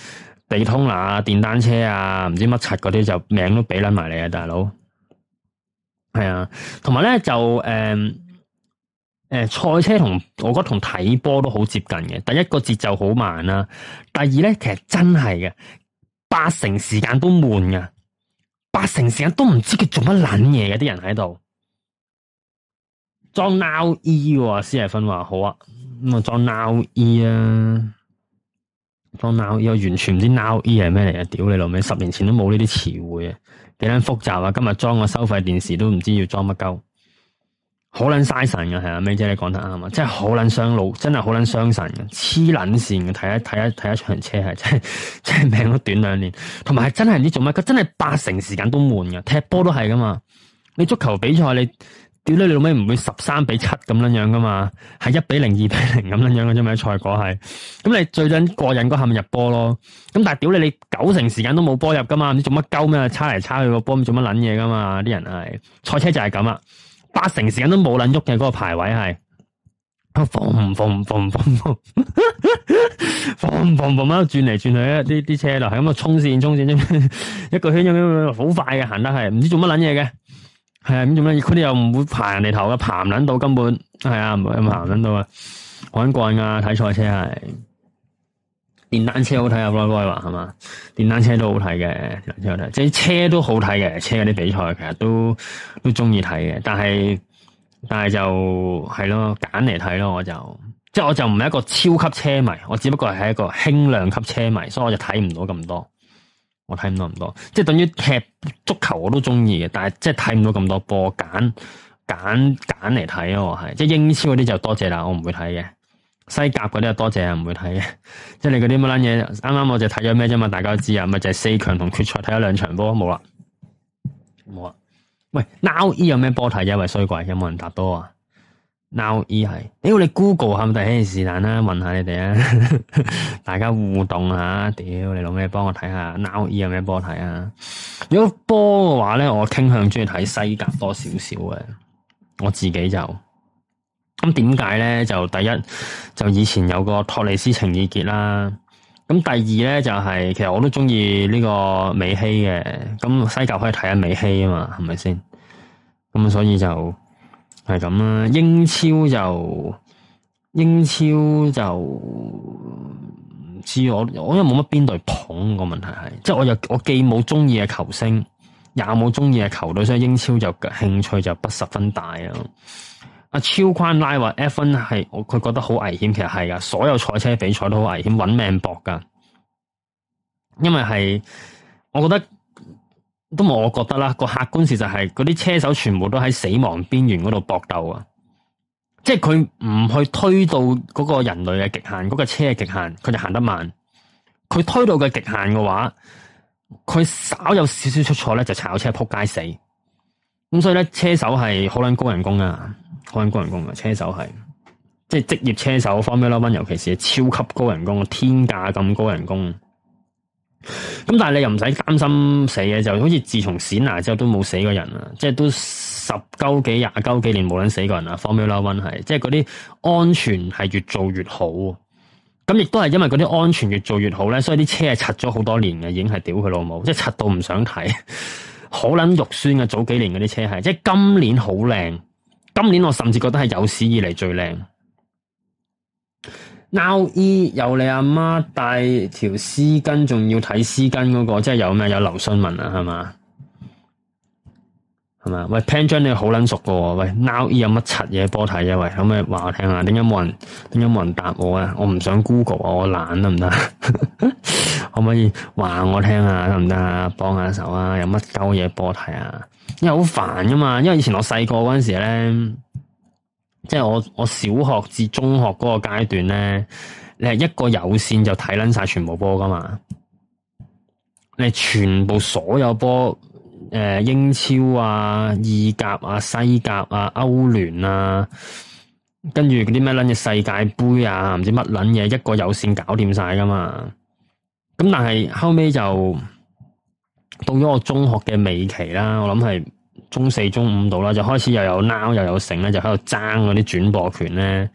地通拿，啊，電單車啊，唔知乜柒嗰啲就名都俾撚埋你啊，大佬！係啊，同埋咧就誒誒、嗯呃、賽車同我覺得同睇波都好接近嘅。第一個節奏好慢啦，啊，第二咧其實真係嘅八成時間都悶噶，八成時間都唔知佢做乜撚嘢，嘅啲人喺度裝 Now E 喎。施爺芬話好啊，咁啊裝 Now E 啊，裝 Now E 又完全唔知 Now E 係咩嚟啊！屌你老味，十年前都冇呢啲詞彙啊！幾捻複雜啊！今日裝個收費電視都唔知要裝乜鳩，好捻嘥神嘅。係啊，May 姐，你講得啱啊真係好捻傷腦，真係好捻傷神嘅，痴捻線嘅，睇一睇一睇一,一場車係真係真係命都短兩年，同埋係真係唔知做乜，佢真係八成時間都悶嘅，踢波都係噶嘛？你足球比賽你。屌你！你老尾唔會十三比七咁樣樣噶嘛？係一比零、二比零咁樣樣嘅啫嘛？賽果係咁，你最憎過癮嗰下咪入波咯。咁但係屌你！你九成時間都冇波入噶嘛？你做乜鳩咩？叉嚟叉去個波，你做乜撚嘢噶嘛？啲人係賽車就係咁啊，八成時間都冇撚喐嘅，嗰個排位係，放唔放？放唔放？放唔放？放咁樣轉嚟轉去啊！啲啲車就係咁啊，衝線衝線，一個圈咁樣好快嘅行得係，唔知做乜撚嘢嘅。係啊，咁做乜佢哋又唔會爬人哋頭嘅，爬唔捻到，到，根本係啊，唔會爬唔捻到啊！玩慣噶，睇賽車係，電單車好睇啊！老外話係嘛，電單車都好睇嘅，有車好睇，即係車都好睇嘅，車嗰啲比賽其實都都中意睇嘅，但係但係就係咯，揀嚟睇咯，我就即係、就是、我就唔係一個超級車迷，我只不過係一個輕量級車迷，所以我就睇唔到咁多。我睇唔到咁多，即係等於踢足球我都中意嘅，但係即係睇唔到咁多波，揀揀揀嚟睇我係，即係英超嗰啲就多謝啦，我唔會睇嘅，西甲嗰啲就多謝啊，我唔會睇嘅，即係你嗰啲乜撚嘢，啱啱我就睇咗咩啫嘛，大家都知啊，咪就係四強同決賽睇咗兩場波，冇啦，冇啦，喂，Now 依有咩波睇啊？因為衰鬼，有冇人搭多啊？now e 係，屌你 Google 下咪第起人士難啦，問下你哋啊， 大家互動下，屌、啊、你老味幫我睇下，now e 有咩幫我睇啊？如果波嘅話咧，我傾向中意睇西甲多少少嘅，我自己就咁點解咧？就第一就以前有個托利斯情意結啦，咁第二咧就係、是、其實我都中意呢個美希嘅，咁西甲可以睇下美希啊嘛，係咪先？咁所以就。係咁啦，英超就英超就唔知我我因為冇乜邊隊捧個問題，係即係我又我既冇中意嘅球星，也冇中意嘅球隊，所以英超就興趣就不十分大啊。阿超寬拉話 F1 係我佢覺得好危險，其實係啊，所有賽車比賽都好危險，揾命搏噶，因為係我覺得。都冇我覺得啦，個客觀事實係嗰啲車手全部都喺死亡邊緣嗰度搏鬥啊！即係佢唔去推到嗰個人類嘅極限，嗰架車嘅極限，佢就行得慢。佢推到嘅極限嘅話，佢稍有少少出錯咧，就炒車撲街死。咁所以咧，車手係好撚高人工啊，好撚高人工啊！車手係即係職業車手 Formula One，尤其是超級高人工啊，天價咁高人工。咁但係你又唔使擔心死嘅，就好似自從選牙之後都冇死過人啊！即係都十鳩幾廿鳩幾年冇捻死過人啊！Formula One 係，即係嗰啲安全係越做越好。咁亦都係因為嗰啲安全越做越好咧，所以啲車係拆咗好多年嘅，已經係屌佢老母，即係拆到唔想睇，好捻肉酸呀，早幾年嗰啲車係，即係今年好靚，今年我甚至覺得係有史以嚟最靚。Now E，有你阿媽帶條絲巾，仲要睇絲巾嗰個，即係有咩有流蘇文啊，係嘛，係嘛？喂，pen 張你好捻熟嘅，喂，Now E，有乜柒嘢波睇啊？喂，可唔可以話我聽下？點解冇人？點解冇人答我啊？我唔想 Google，我懶得唔得？行行 可唔可以話我聽下？得唔得？幫下手啊？有乜鳩嘢波睇啊？因為好煩噶嘛，因為以前我細個嗰陣時咧。即係我我小學至中學嗰個階段咧，你係一個有線就睇撚晒全部波噶嘛？你全部所有波誒、呃，英超啊、意甲啊、西甲啊、歐聯啊，跟住啲咩撚嘢世界杯啊，唔知乜撚嘢，一個有線搞掂晒噶嘛？咁但係後尾就到咗我中學嘅尾期啦，我諗係。中四、中五到啦，就開始又有鬧又有剩咧，就喺度爭嗰啲轉播權咧，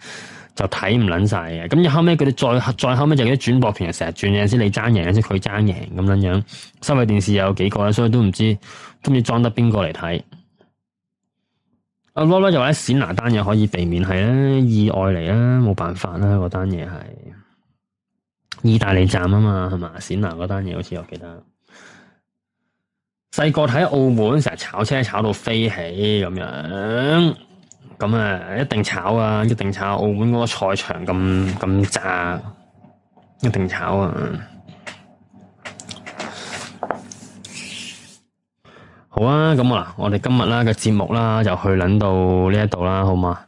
就睇唔撚晒嘅。咁之後尾，佢哋再再後尾就啲轉播權就成日轉嘅。先你爭贏，先佢爭贏咁撚樣。收費電視又有幾個啦，所以都唔知都唔知裝得邊個嚟睇。阿羅羅就話：冼拿單嘢可以避免係啦，意外嚟啦，冇辦法啦，嗰單嘢係意大利站啊嘛，係嘛？冼拿嗰單嘢好似我記得。細個睇，喺澳門成日炒車炒到飛起咁樣，咁啊一定炒啊，一定炒澳門嗰個賽場咁咁炸，一定炒啊！好啊，咁啊，我哋今日啦嘅節目啦就去捻到呢一度啦，好嘛？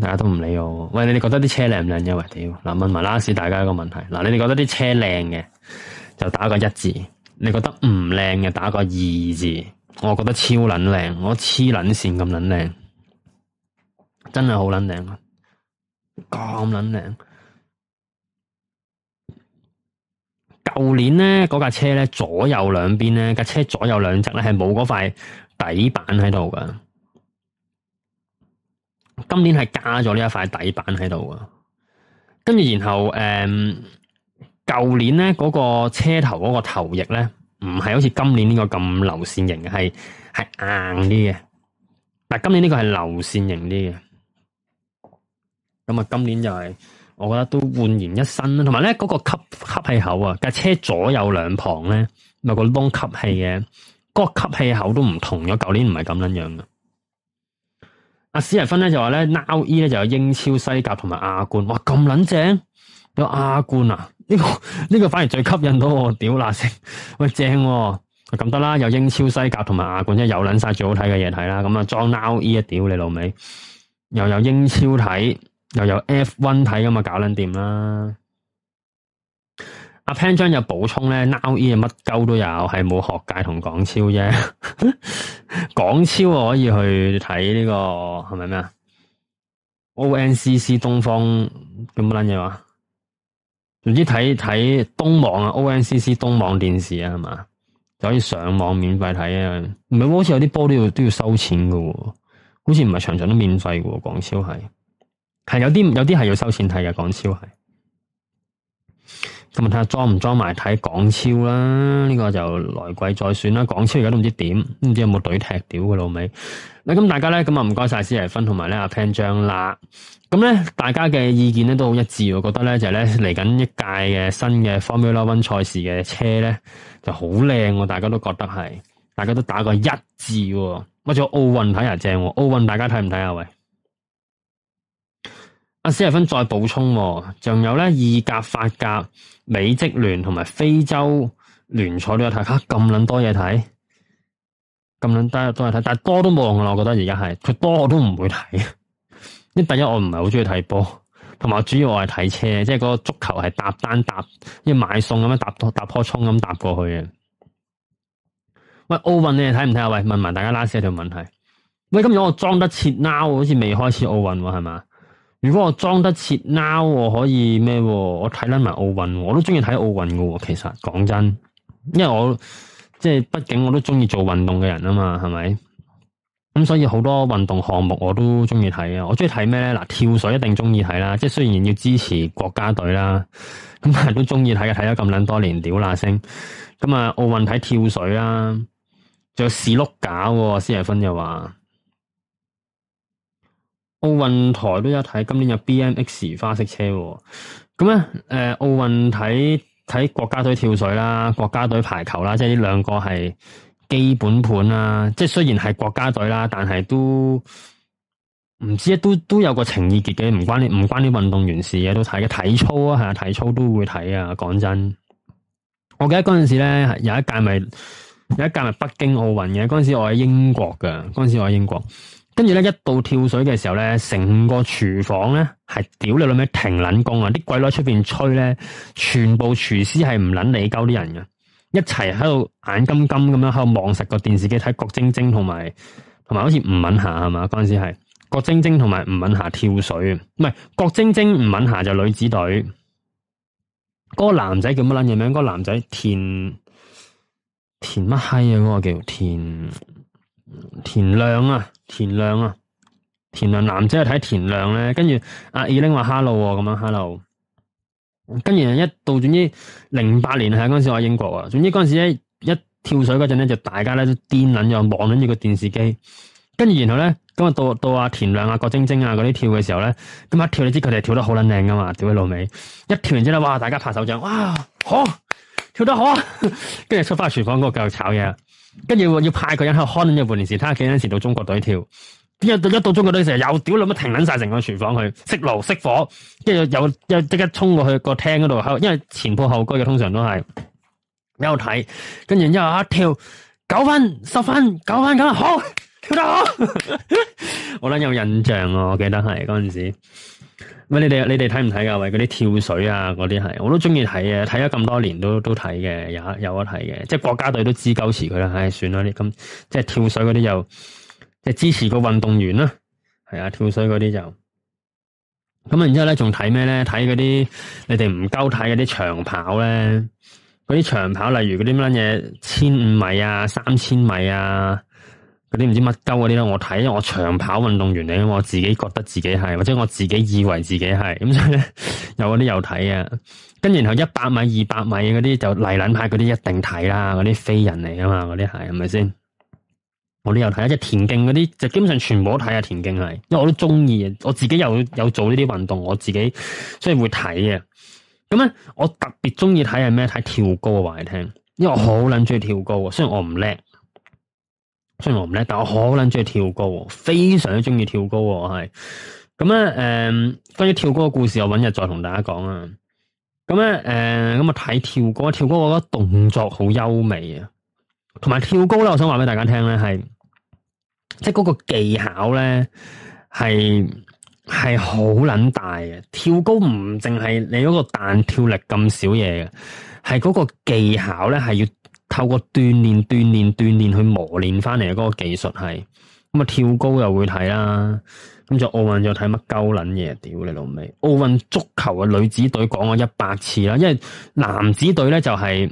大家都唔理我。喂你哋覺得啲車靚唔靚啫？喂，屌，嗱問埋拉 a 大家一個問題，嗱你哋覺得啲車靚嘅就打個一字。你覺得唔靚嘅打個二字，我覺得超撚靚，我黐撚線咁撚靚，真係好撚靚啊！咁撚靚！舊年呢嗰架車咧，左右兩邊咧，架車左右兩側咧，係冇嗰塊底板喺度噶，今年係加咗呢一塊底板喺度啊！跟住然後誒。嗯舊年咧嗰、那個車頭嗰個頭翼咧，唔係好似今年呢個咁流線型嘅，係係硬啲嘅。嗱，今年呢個係流線型啲嘅。咁啊，今年就係、是、我覺得都煥然一新啦。同埋咧，嗰、那個吸吸氣口啊，架車左右兩旁咧咪個窿吸氣嘅，嗰、那個吸氣口都唔同咗。舊年唔係咁樣樣嘅。阿史提芬咧就話咧，Now E 咧就有英超西甲同埋亞冠。哇，咁捻正有亞冠啊！呢、這個呢、這個反而最吸引到我屌啦！喂，正咁得啦，有英超西甲同埋亞冠，即係又捻晒最好睇嘅嘢睇啦。咁啊、e，裝 Now E 啊，屌你老味，又有英超睇，又有 F one 睇，咁啊搞捻掂啦。阿 Pan 張有補充咧，Now E 啊乜鳩都有，係冇學界同港超啫。 港超我可以去睇呢、這個係咪咩啊？ONCC 東方咁乜捻嘢話？總之睇睇東網啊，ONCC 東網電視啊，係嘛，就可以上網免費睇啊。唔係，好似有啲波都要都要收錢㗎喎，好似唔係場場都免費㗎喎。港超係，係有啲有啲係要收錢睇嘅，港超係。咁睇下裝唔裝埋睇港超啦，呢個就來季再算啦。港超而家都唔知點，唔知有冇隊踢，屌嘅老味。嗱，咁大家咧，咁啊唔該晒司儀芬同埋咧阿潘張啦。咁咧，大家嘅意見咧都好一致，覺得咧就係咧嚟緊一屆嘅新嘅 Formula One 賽事嘅車咧就好靚，啊，大家都覺得係，大家都打過一致，啊。乜咗奧運睇下正，啊？奧運大家睇唔睇啊？喂？四十分再補充，仲有咧，意甲、法甲、美職聯同埋非洲聯賽都有睇。下咁捻多嘢睇，咁捻多嘢睇，但係多都冇用啦。我覺得而家係佢多我都唔會睇呢，第一我唔係好中意睇波，同埋主要我係睇車，即係嗰個足球係搭單搭，要買餸咁樣搭，搭坡衝咁搭過去嘅。喂，奧運你哋睇唔睇啊？喂，問埋大家拉斯一條問題。喂，今日我裝得切孬，好似未開始奧運係嘛？1, 如果我裝得切孬，我可以咩？我睇捻埋奧運，我都中意睇奧運嘅。其實講真，因為我即係，畢竟我都中意做運動嘅人啊嘛，係咪？咁所以好多運動項目我都中意睇啊！我中意睇咩咧？嗱、啊，跳水一定中意睇啦，即係雖然要支持國家隊啦，咁但係都中意睇嘅，睇咗咁捻多年，屌乸星，咁啊，奧運睇跳水啦，仲有史碌架，施爺芬又話。奧運台都有睇，今年有 BMX 花式車，咁、嗯、咧，誒，奧運睇睇國家隊跳水啦，國家隊排球啦，即係呢兩個係基本盤啦。即係雖然係國家隊啦，但係都唔知都都有個情意結嘅，唔關啲唔關啲運動員事嘅，都睇嘅體操啊，係啊，體操都會睇啊。講真，我記得嗰陣時咧，有一屆咪、就是、有一屆咪北京奧運嘅，嗰陣時我喺英國嘅，嗰陣時我喺英國。跟住咧，一到跳水嘅時候咧，成個廚房咧係屌你老味停捻工啊！啲鬼佬喺出邊吹咧，全部廚師係唔捻你鳩啲人嘅，一齊喺度眼金金咁樣喺度望實個電視機睇郭晶晶同埋同埋好似吳敏霞係嘛？嗰陣時係郭晶晶同埋吳敏霞跳水，唔係郭晶晶，吳敏霞就女子隊，嗰個男仔叫乜捻嘢名？嗰個男仔田田乜閪啊？嗰個叫田。田亮啊，田亮啊，田亮男仔又睇田亮咧，跟住阿二拎話，哈嘍咁樣哈嘍跟住一到，總之零八年啊，嗰陣時我喺英國啊，總之嗰陣時咧一跳水嗰陣咧就大家咧都癲捻又望緊住個電視機，跟住然後咧咁啊，到到阿田亮啊、郭晶晶啊嗰啲跳嘅時候咧，咁一跳，你知佢哋跳得好捻靚噶嘛，屌你老味。一跳完之後哇，大家拍手掌哇，好跳得好啊，跟 住出翻廚房嗰個繼續炒嘢。跟住要派一個人去看呢半年時，睇下幾多時到中國隊跳。邊日到一到中國隊時又屌啦，乜都停捻晒成個廚房，去熄爐熄火，跟住又又即刻衝過去個廳嗰度，因為前鋪後居嘅通常都係，你有睇。跟住之後一跳九分、十分、九分咁啊，好跳得好。 我諗有印象我、啊，我記得係嗰陣時。喂，你哋你哋睇唔睇噶？喂，嗰啲跳水啊，嗰啲係我都中意睇啊。睇咗咁多年都都睇嘅，有有得睇嘅。即係國家隊都支鳩持佢啦，唉、哎，算啦啲咁。即係跳水嗰啲就，即係支持個運動員啦、啊，係啊，跳水嗰啲就咁然之後咧，仲睇咩咧？睇嗰啲你哋唔鳩睇嗰啲長跑咧，嗰啲長跑例如嗰啲乜嘢千五米啊、三千米啊。嗰啲唔知乜鳩嗰啲咧，我睇，因為我長跑運動員嚟，我自己覺得自己係，或者我自己以為自己係，咁所以咧有嗰啲又睇啊，跟然後一百米、二百米嗰啲就嚟捻下嗰啲一定睇啦，嗰啲飛人嚟啊嘛，嗰啲係係咪先？我都有睇，即係田徑嗰啲就基本上全部都睇啊，田徑係，因為我都中意啊，我自己又有，有做呢啲運動，我自己所以會睇啊。咁咧我特別中意睇係咩？睇跳高啊，話你聽，因為我好捻中意跳高啊，雖然我唔叻。雖然我唔叻，但我好捻中意跳高，非常中意跳高，係咁咧。誒，關、嗯、於跳高嘅故事，我揾日再同大家講啊。咁咧，誒、嗯，咁啊睇跳高，跳高我覺得動作好優美啊。同埋跳高咧，我想話俾大家聽咧，係即係嗰個技巧咧，係係好捻大嘅。跳高唔淨係你嗰個彈跳力咁少嘢嘅，係嗰個技巧咧係要。透過鍛煉、鍛煉、鍛煉去磨練翻嚟嗰個技術係，咁啊跳高又會睇啦，咁就奧運又睇乜鳩撚嘢，屌你老味！奧運足球嘅女子隊講咗一百次啦，因為男子隊呢就係、是、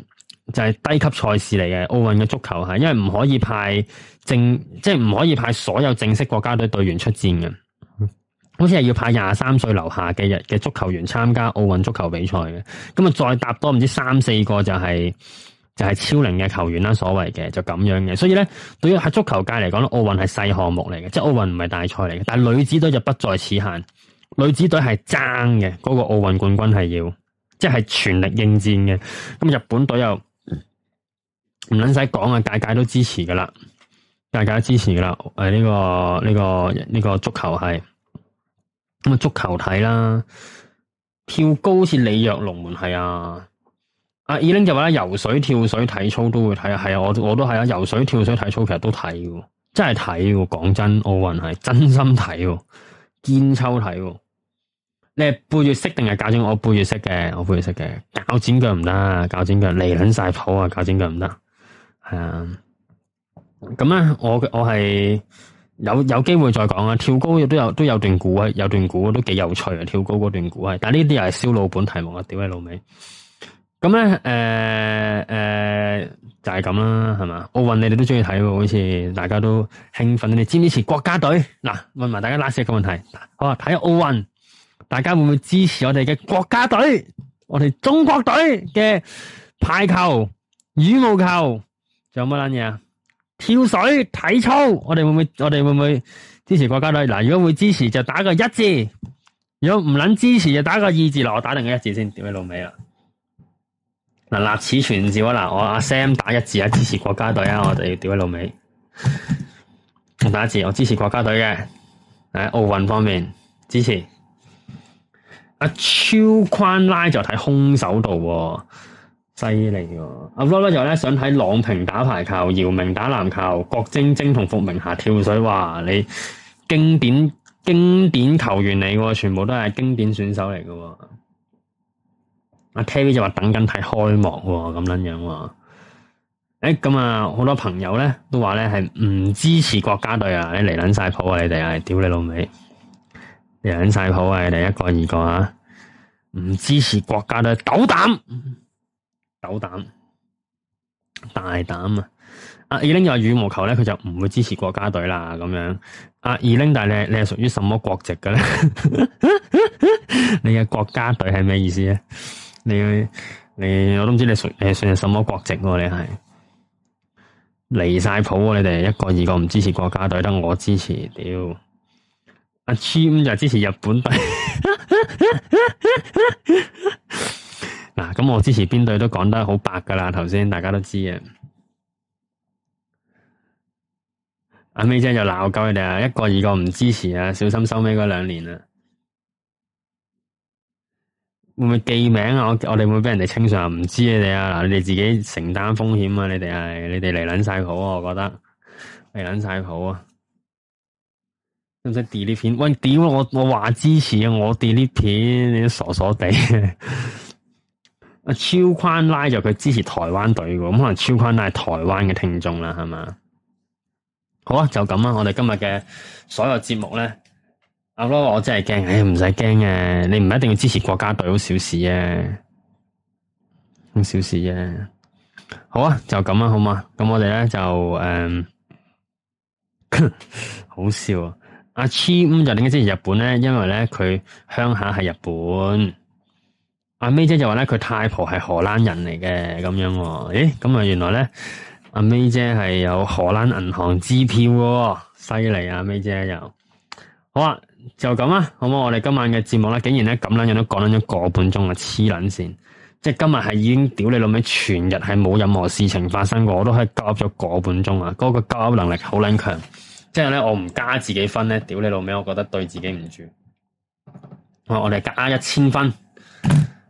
就係、是、低級賽事嚟嘅奧運嘅足球係，因為唔可以派正即係唔可以派所有正式國家隊隊員出戰嘅，好似係要派廿三歲樓下嘅人嘅足球員參加奧運足球比賽嘅，咁啊再搭多唔知三四個就係、是。就係超齡嘅球員啦，所謂嘅就咁樣嘅，所以咧，對於喺足球界嚟講咧，奧運係細項目嚟嘅，即係奧運唔係大賽嚟嘅，但係女子隊就不在此限，女子隊係爭嘅，嗰、那個奧運冠軍係要，即係全力應戰嘅。咁日本隊又唔捻使講啊，大家都支持噶啦，大家都支持噶啦，誒、這、呢個呢、這個呢、這個足球係，咁啊足球睇啦，跳高似鯉躍龍門係啊！阿二零就話咧，游水、跳水、體操都會睇啊，係啊，我我都係啊，游水、跳水、體操其實都睇嘅，真係睇嘅，講真，奧運係真心睇嘅，堅抽睇嘅。你係背住識定係搞整我背住識嘅，我背住識嘅。鉸剪腳唔得，鉸剪腳離捻晒譜啊，鉸剪腳唔得。係啊，咁啊，我我係有有機會再講啊。跳高亦都有都有段估啊，有段估都幾有趣啊。跳高嗰段估啊，但呢啲又係燒老本題目啊，屌你老味。咁咧，誒誒、嗯呃呃，就係咁啦，係嘛？奧運你哋都中意睇喎，好似大家都興奮。你哋支唔支持國家隊？嗱，問埋大家拉色嘅個問題，好喇，睇下奧運，大家會唔會支持我哋嘅國家隊？我哋中國隊嘅排球、羽毛球，仲有乜撚嘢啊？跳水、體操，我哋會唔會？我哋會唔會支持國家隊？嗱，如果會支持就打個一字；如果唔捻支持就打個二字。落我打另個一字先，點去老尾啊？立此存照啊！嗱，我阿 Sam 打一字啊，支持國家隊啊，我哋屌一老味打一字，我支持國家隊嘅，喺奧運方面支持。阿超寬拉就睇空手道，犀利、啊！阿羅羅就咧想睇郎平打排球，姚明打籃球，郭晶晶同伏明霞跳水，話你經典，經典球員嚟嘅，全部都係經典選手嚟嘅。阿 K V 就話等緊睇開幕喎，咁樣、欸、樣喎。誒，咁啊，好多朋友咧都話咧係唔支持國家隊啊！你嚟捻晒譜啊，你哋啊，屌你老味！嚟捻晒譜啊，你哋一個二個啊，唔支持國家隊，狗膽，狗膽，大膽啊！阿二零就話羽毛球咧，佢就唔會支持國家隊啦。咁樣，阿二零，但係你係你係屬於什麼國籍嘅咧？ 你嘅國家隊係咩意思咧？你你我都唔知你屬你算係什麼國籍喎？你係離晒譜喎？你哋一個二個唔支持國家隊，得我支持，屌！阿 G 五就支持日本隊。嗱，咁我支持邊隊都講得好白噶啦，頭先大家都知啊。阿美姐就鬧鳩你哋啊，一個二個唔支持啊，小心收尾嗰兩年啊！會唔會記名啊？我我哋會唔會俾人哋清場？唔知道你哋啊，你哋自己承擔風險啊！你哋你哋嚟捻晒好，我覺得嚟捻晒好啊！使唔使 delete 片？喂，屌！我我話支持啊，我 delete 片，你傻傻地！超寬拉就佢支持台灣隊嘅，咁可能超寬拉係台灣嘅聽眾啦，係嘛？好啊，就咁啊！我哋今日嘅所有節目呢。阿媽，我真係驚，唉、哎，唔使驚嘅，你唔一定要支持國家隊，好小事啊，好小事啫。好啊，就咁啊，好嘛，咁我哋咧就誒，嗯、 好笑啊，阿 Chim 就點解支持日本咧？因為咧佢鄉下係日本。阿 May 姐就話咧佢太婆係荷蘭人嚟嘅，咁樣，誒，咁啊，原來咧阿 May 姐係有荷蘭銀行支票、哦，犀利啊，May 姐又，好啊。就咁啦，好冇？我哋今晚嘅節目咧，竟然咧咁樣樣都講緊一個半鐘啊！黐捻線，即係今日係已經屌你老味，全日係冇任何事情發生過，我都係交咗個半鐘啊！嗰、嗰個交握能力好捻強，即係咧我唔加自己分咧，屌你老味，我覺得對自己唔住。我哋加一千分，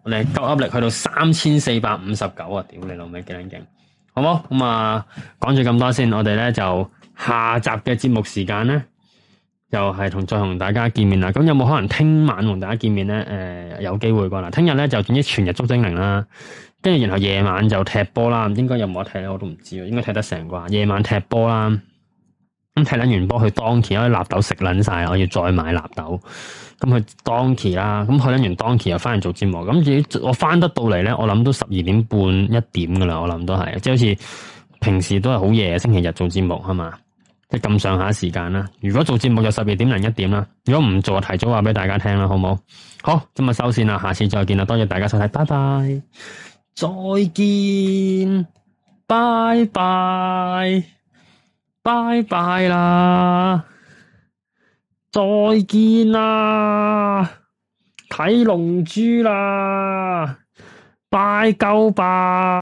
我哋交握力去到三千四百五十九啊！屌你老味幾捻勁，好冇？好？咁啊，講住咁多先，我哋咧就下集嘅節目時間咧。又係同再同大家見面啦，咁有冇可能聽晚同大家見面咧？誒、呃，有機會噶啦，聽日咧就總之全日捉精靈啦，跟住然後夜晚就踢波啦，應該有冇得睇咧我都唔知，應該睇得成啩？夜晚踢波啦，咁踢捻完波，去當期因為納豆食捻晒，我要再買納豆，咁去當期啦，咁去捻完當期又翻嚟做節目，咁自己我翻得到嚟咧，我諗都十二點半一點噶啦，我諗都係，即係好似平時都係好夜星期日做節目係嘛。咁上下時間啦，如果做節目就十二點零一點啦，如果唔做啊，提早話俾大家聽啦，好唔好？好，今日收線啦，下次再見啦，多謝大家收睇，拜拜，再見，拜拜，拜拜啦，再見啦，睇龍珠啦，拜鳩吧。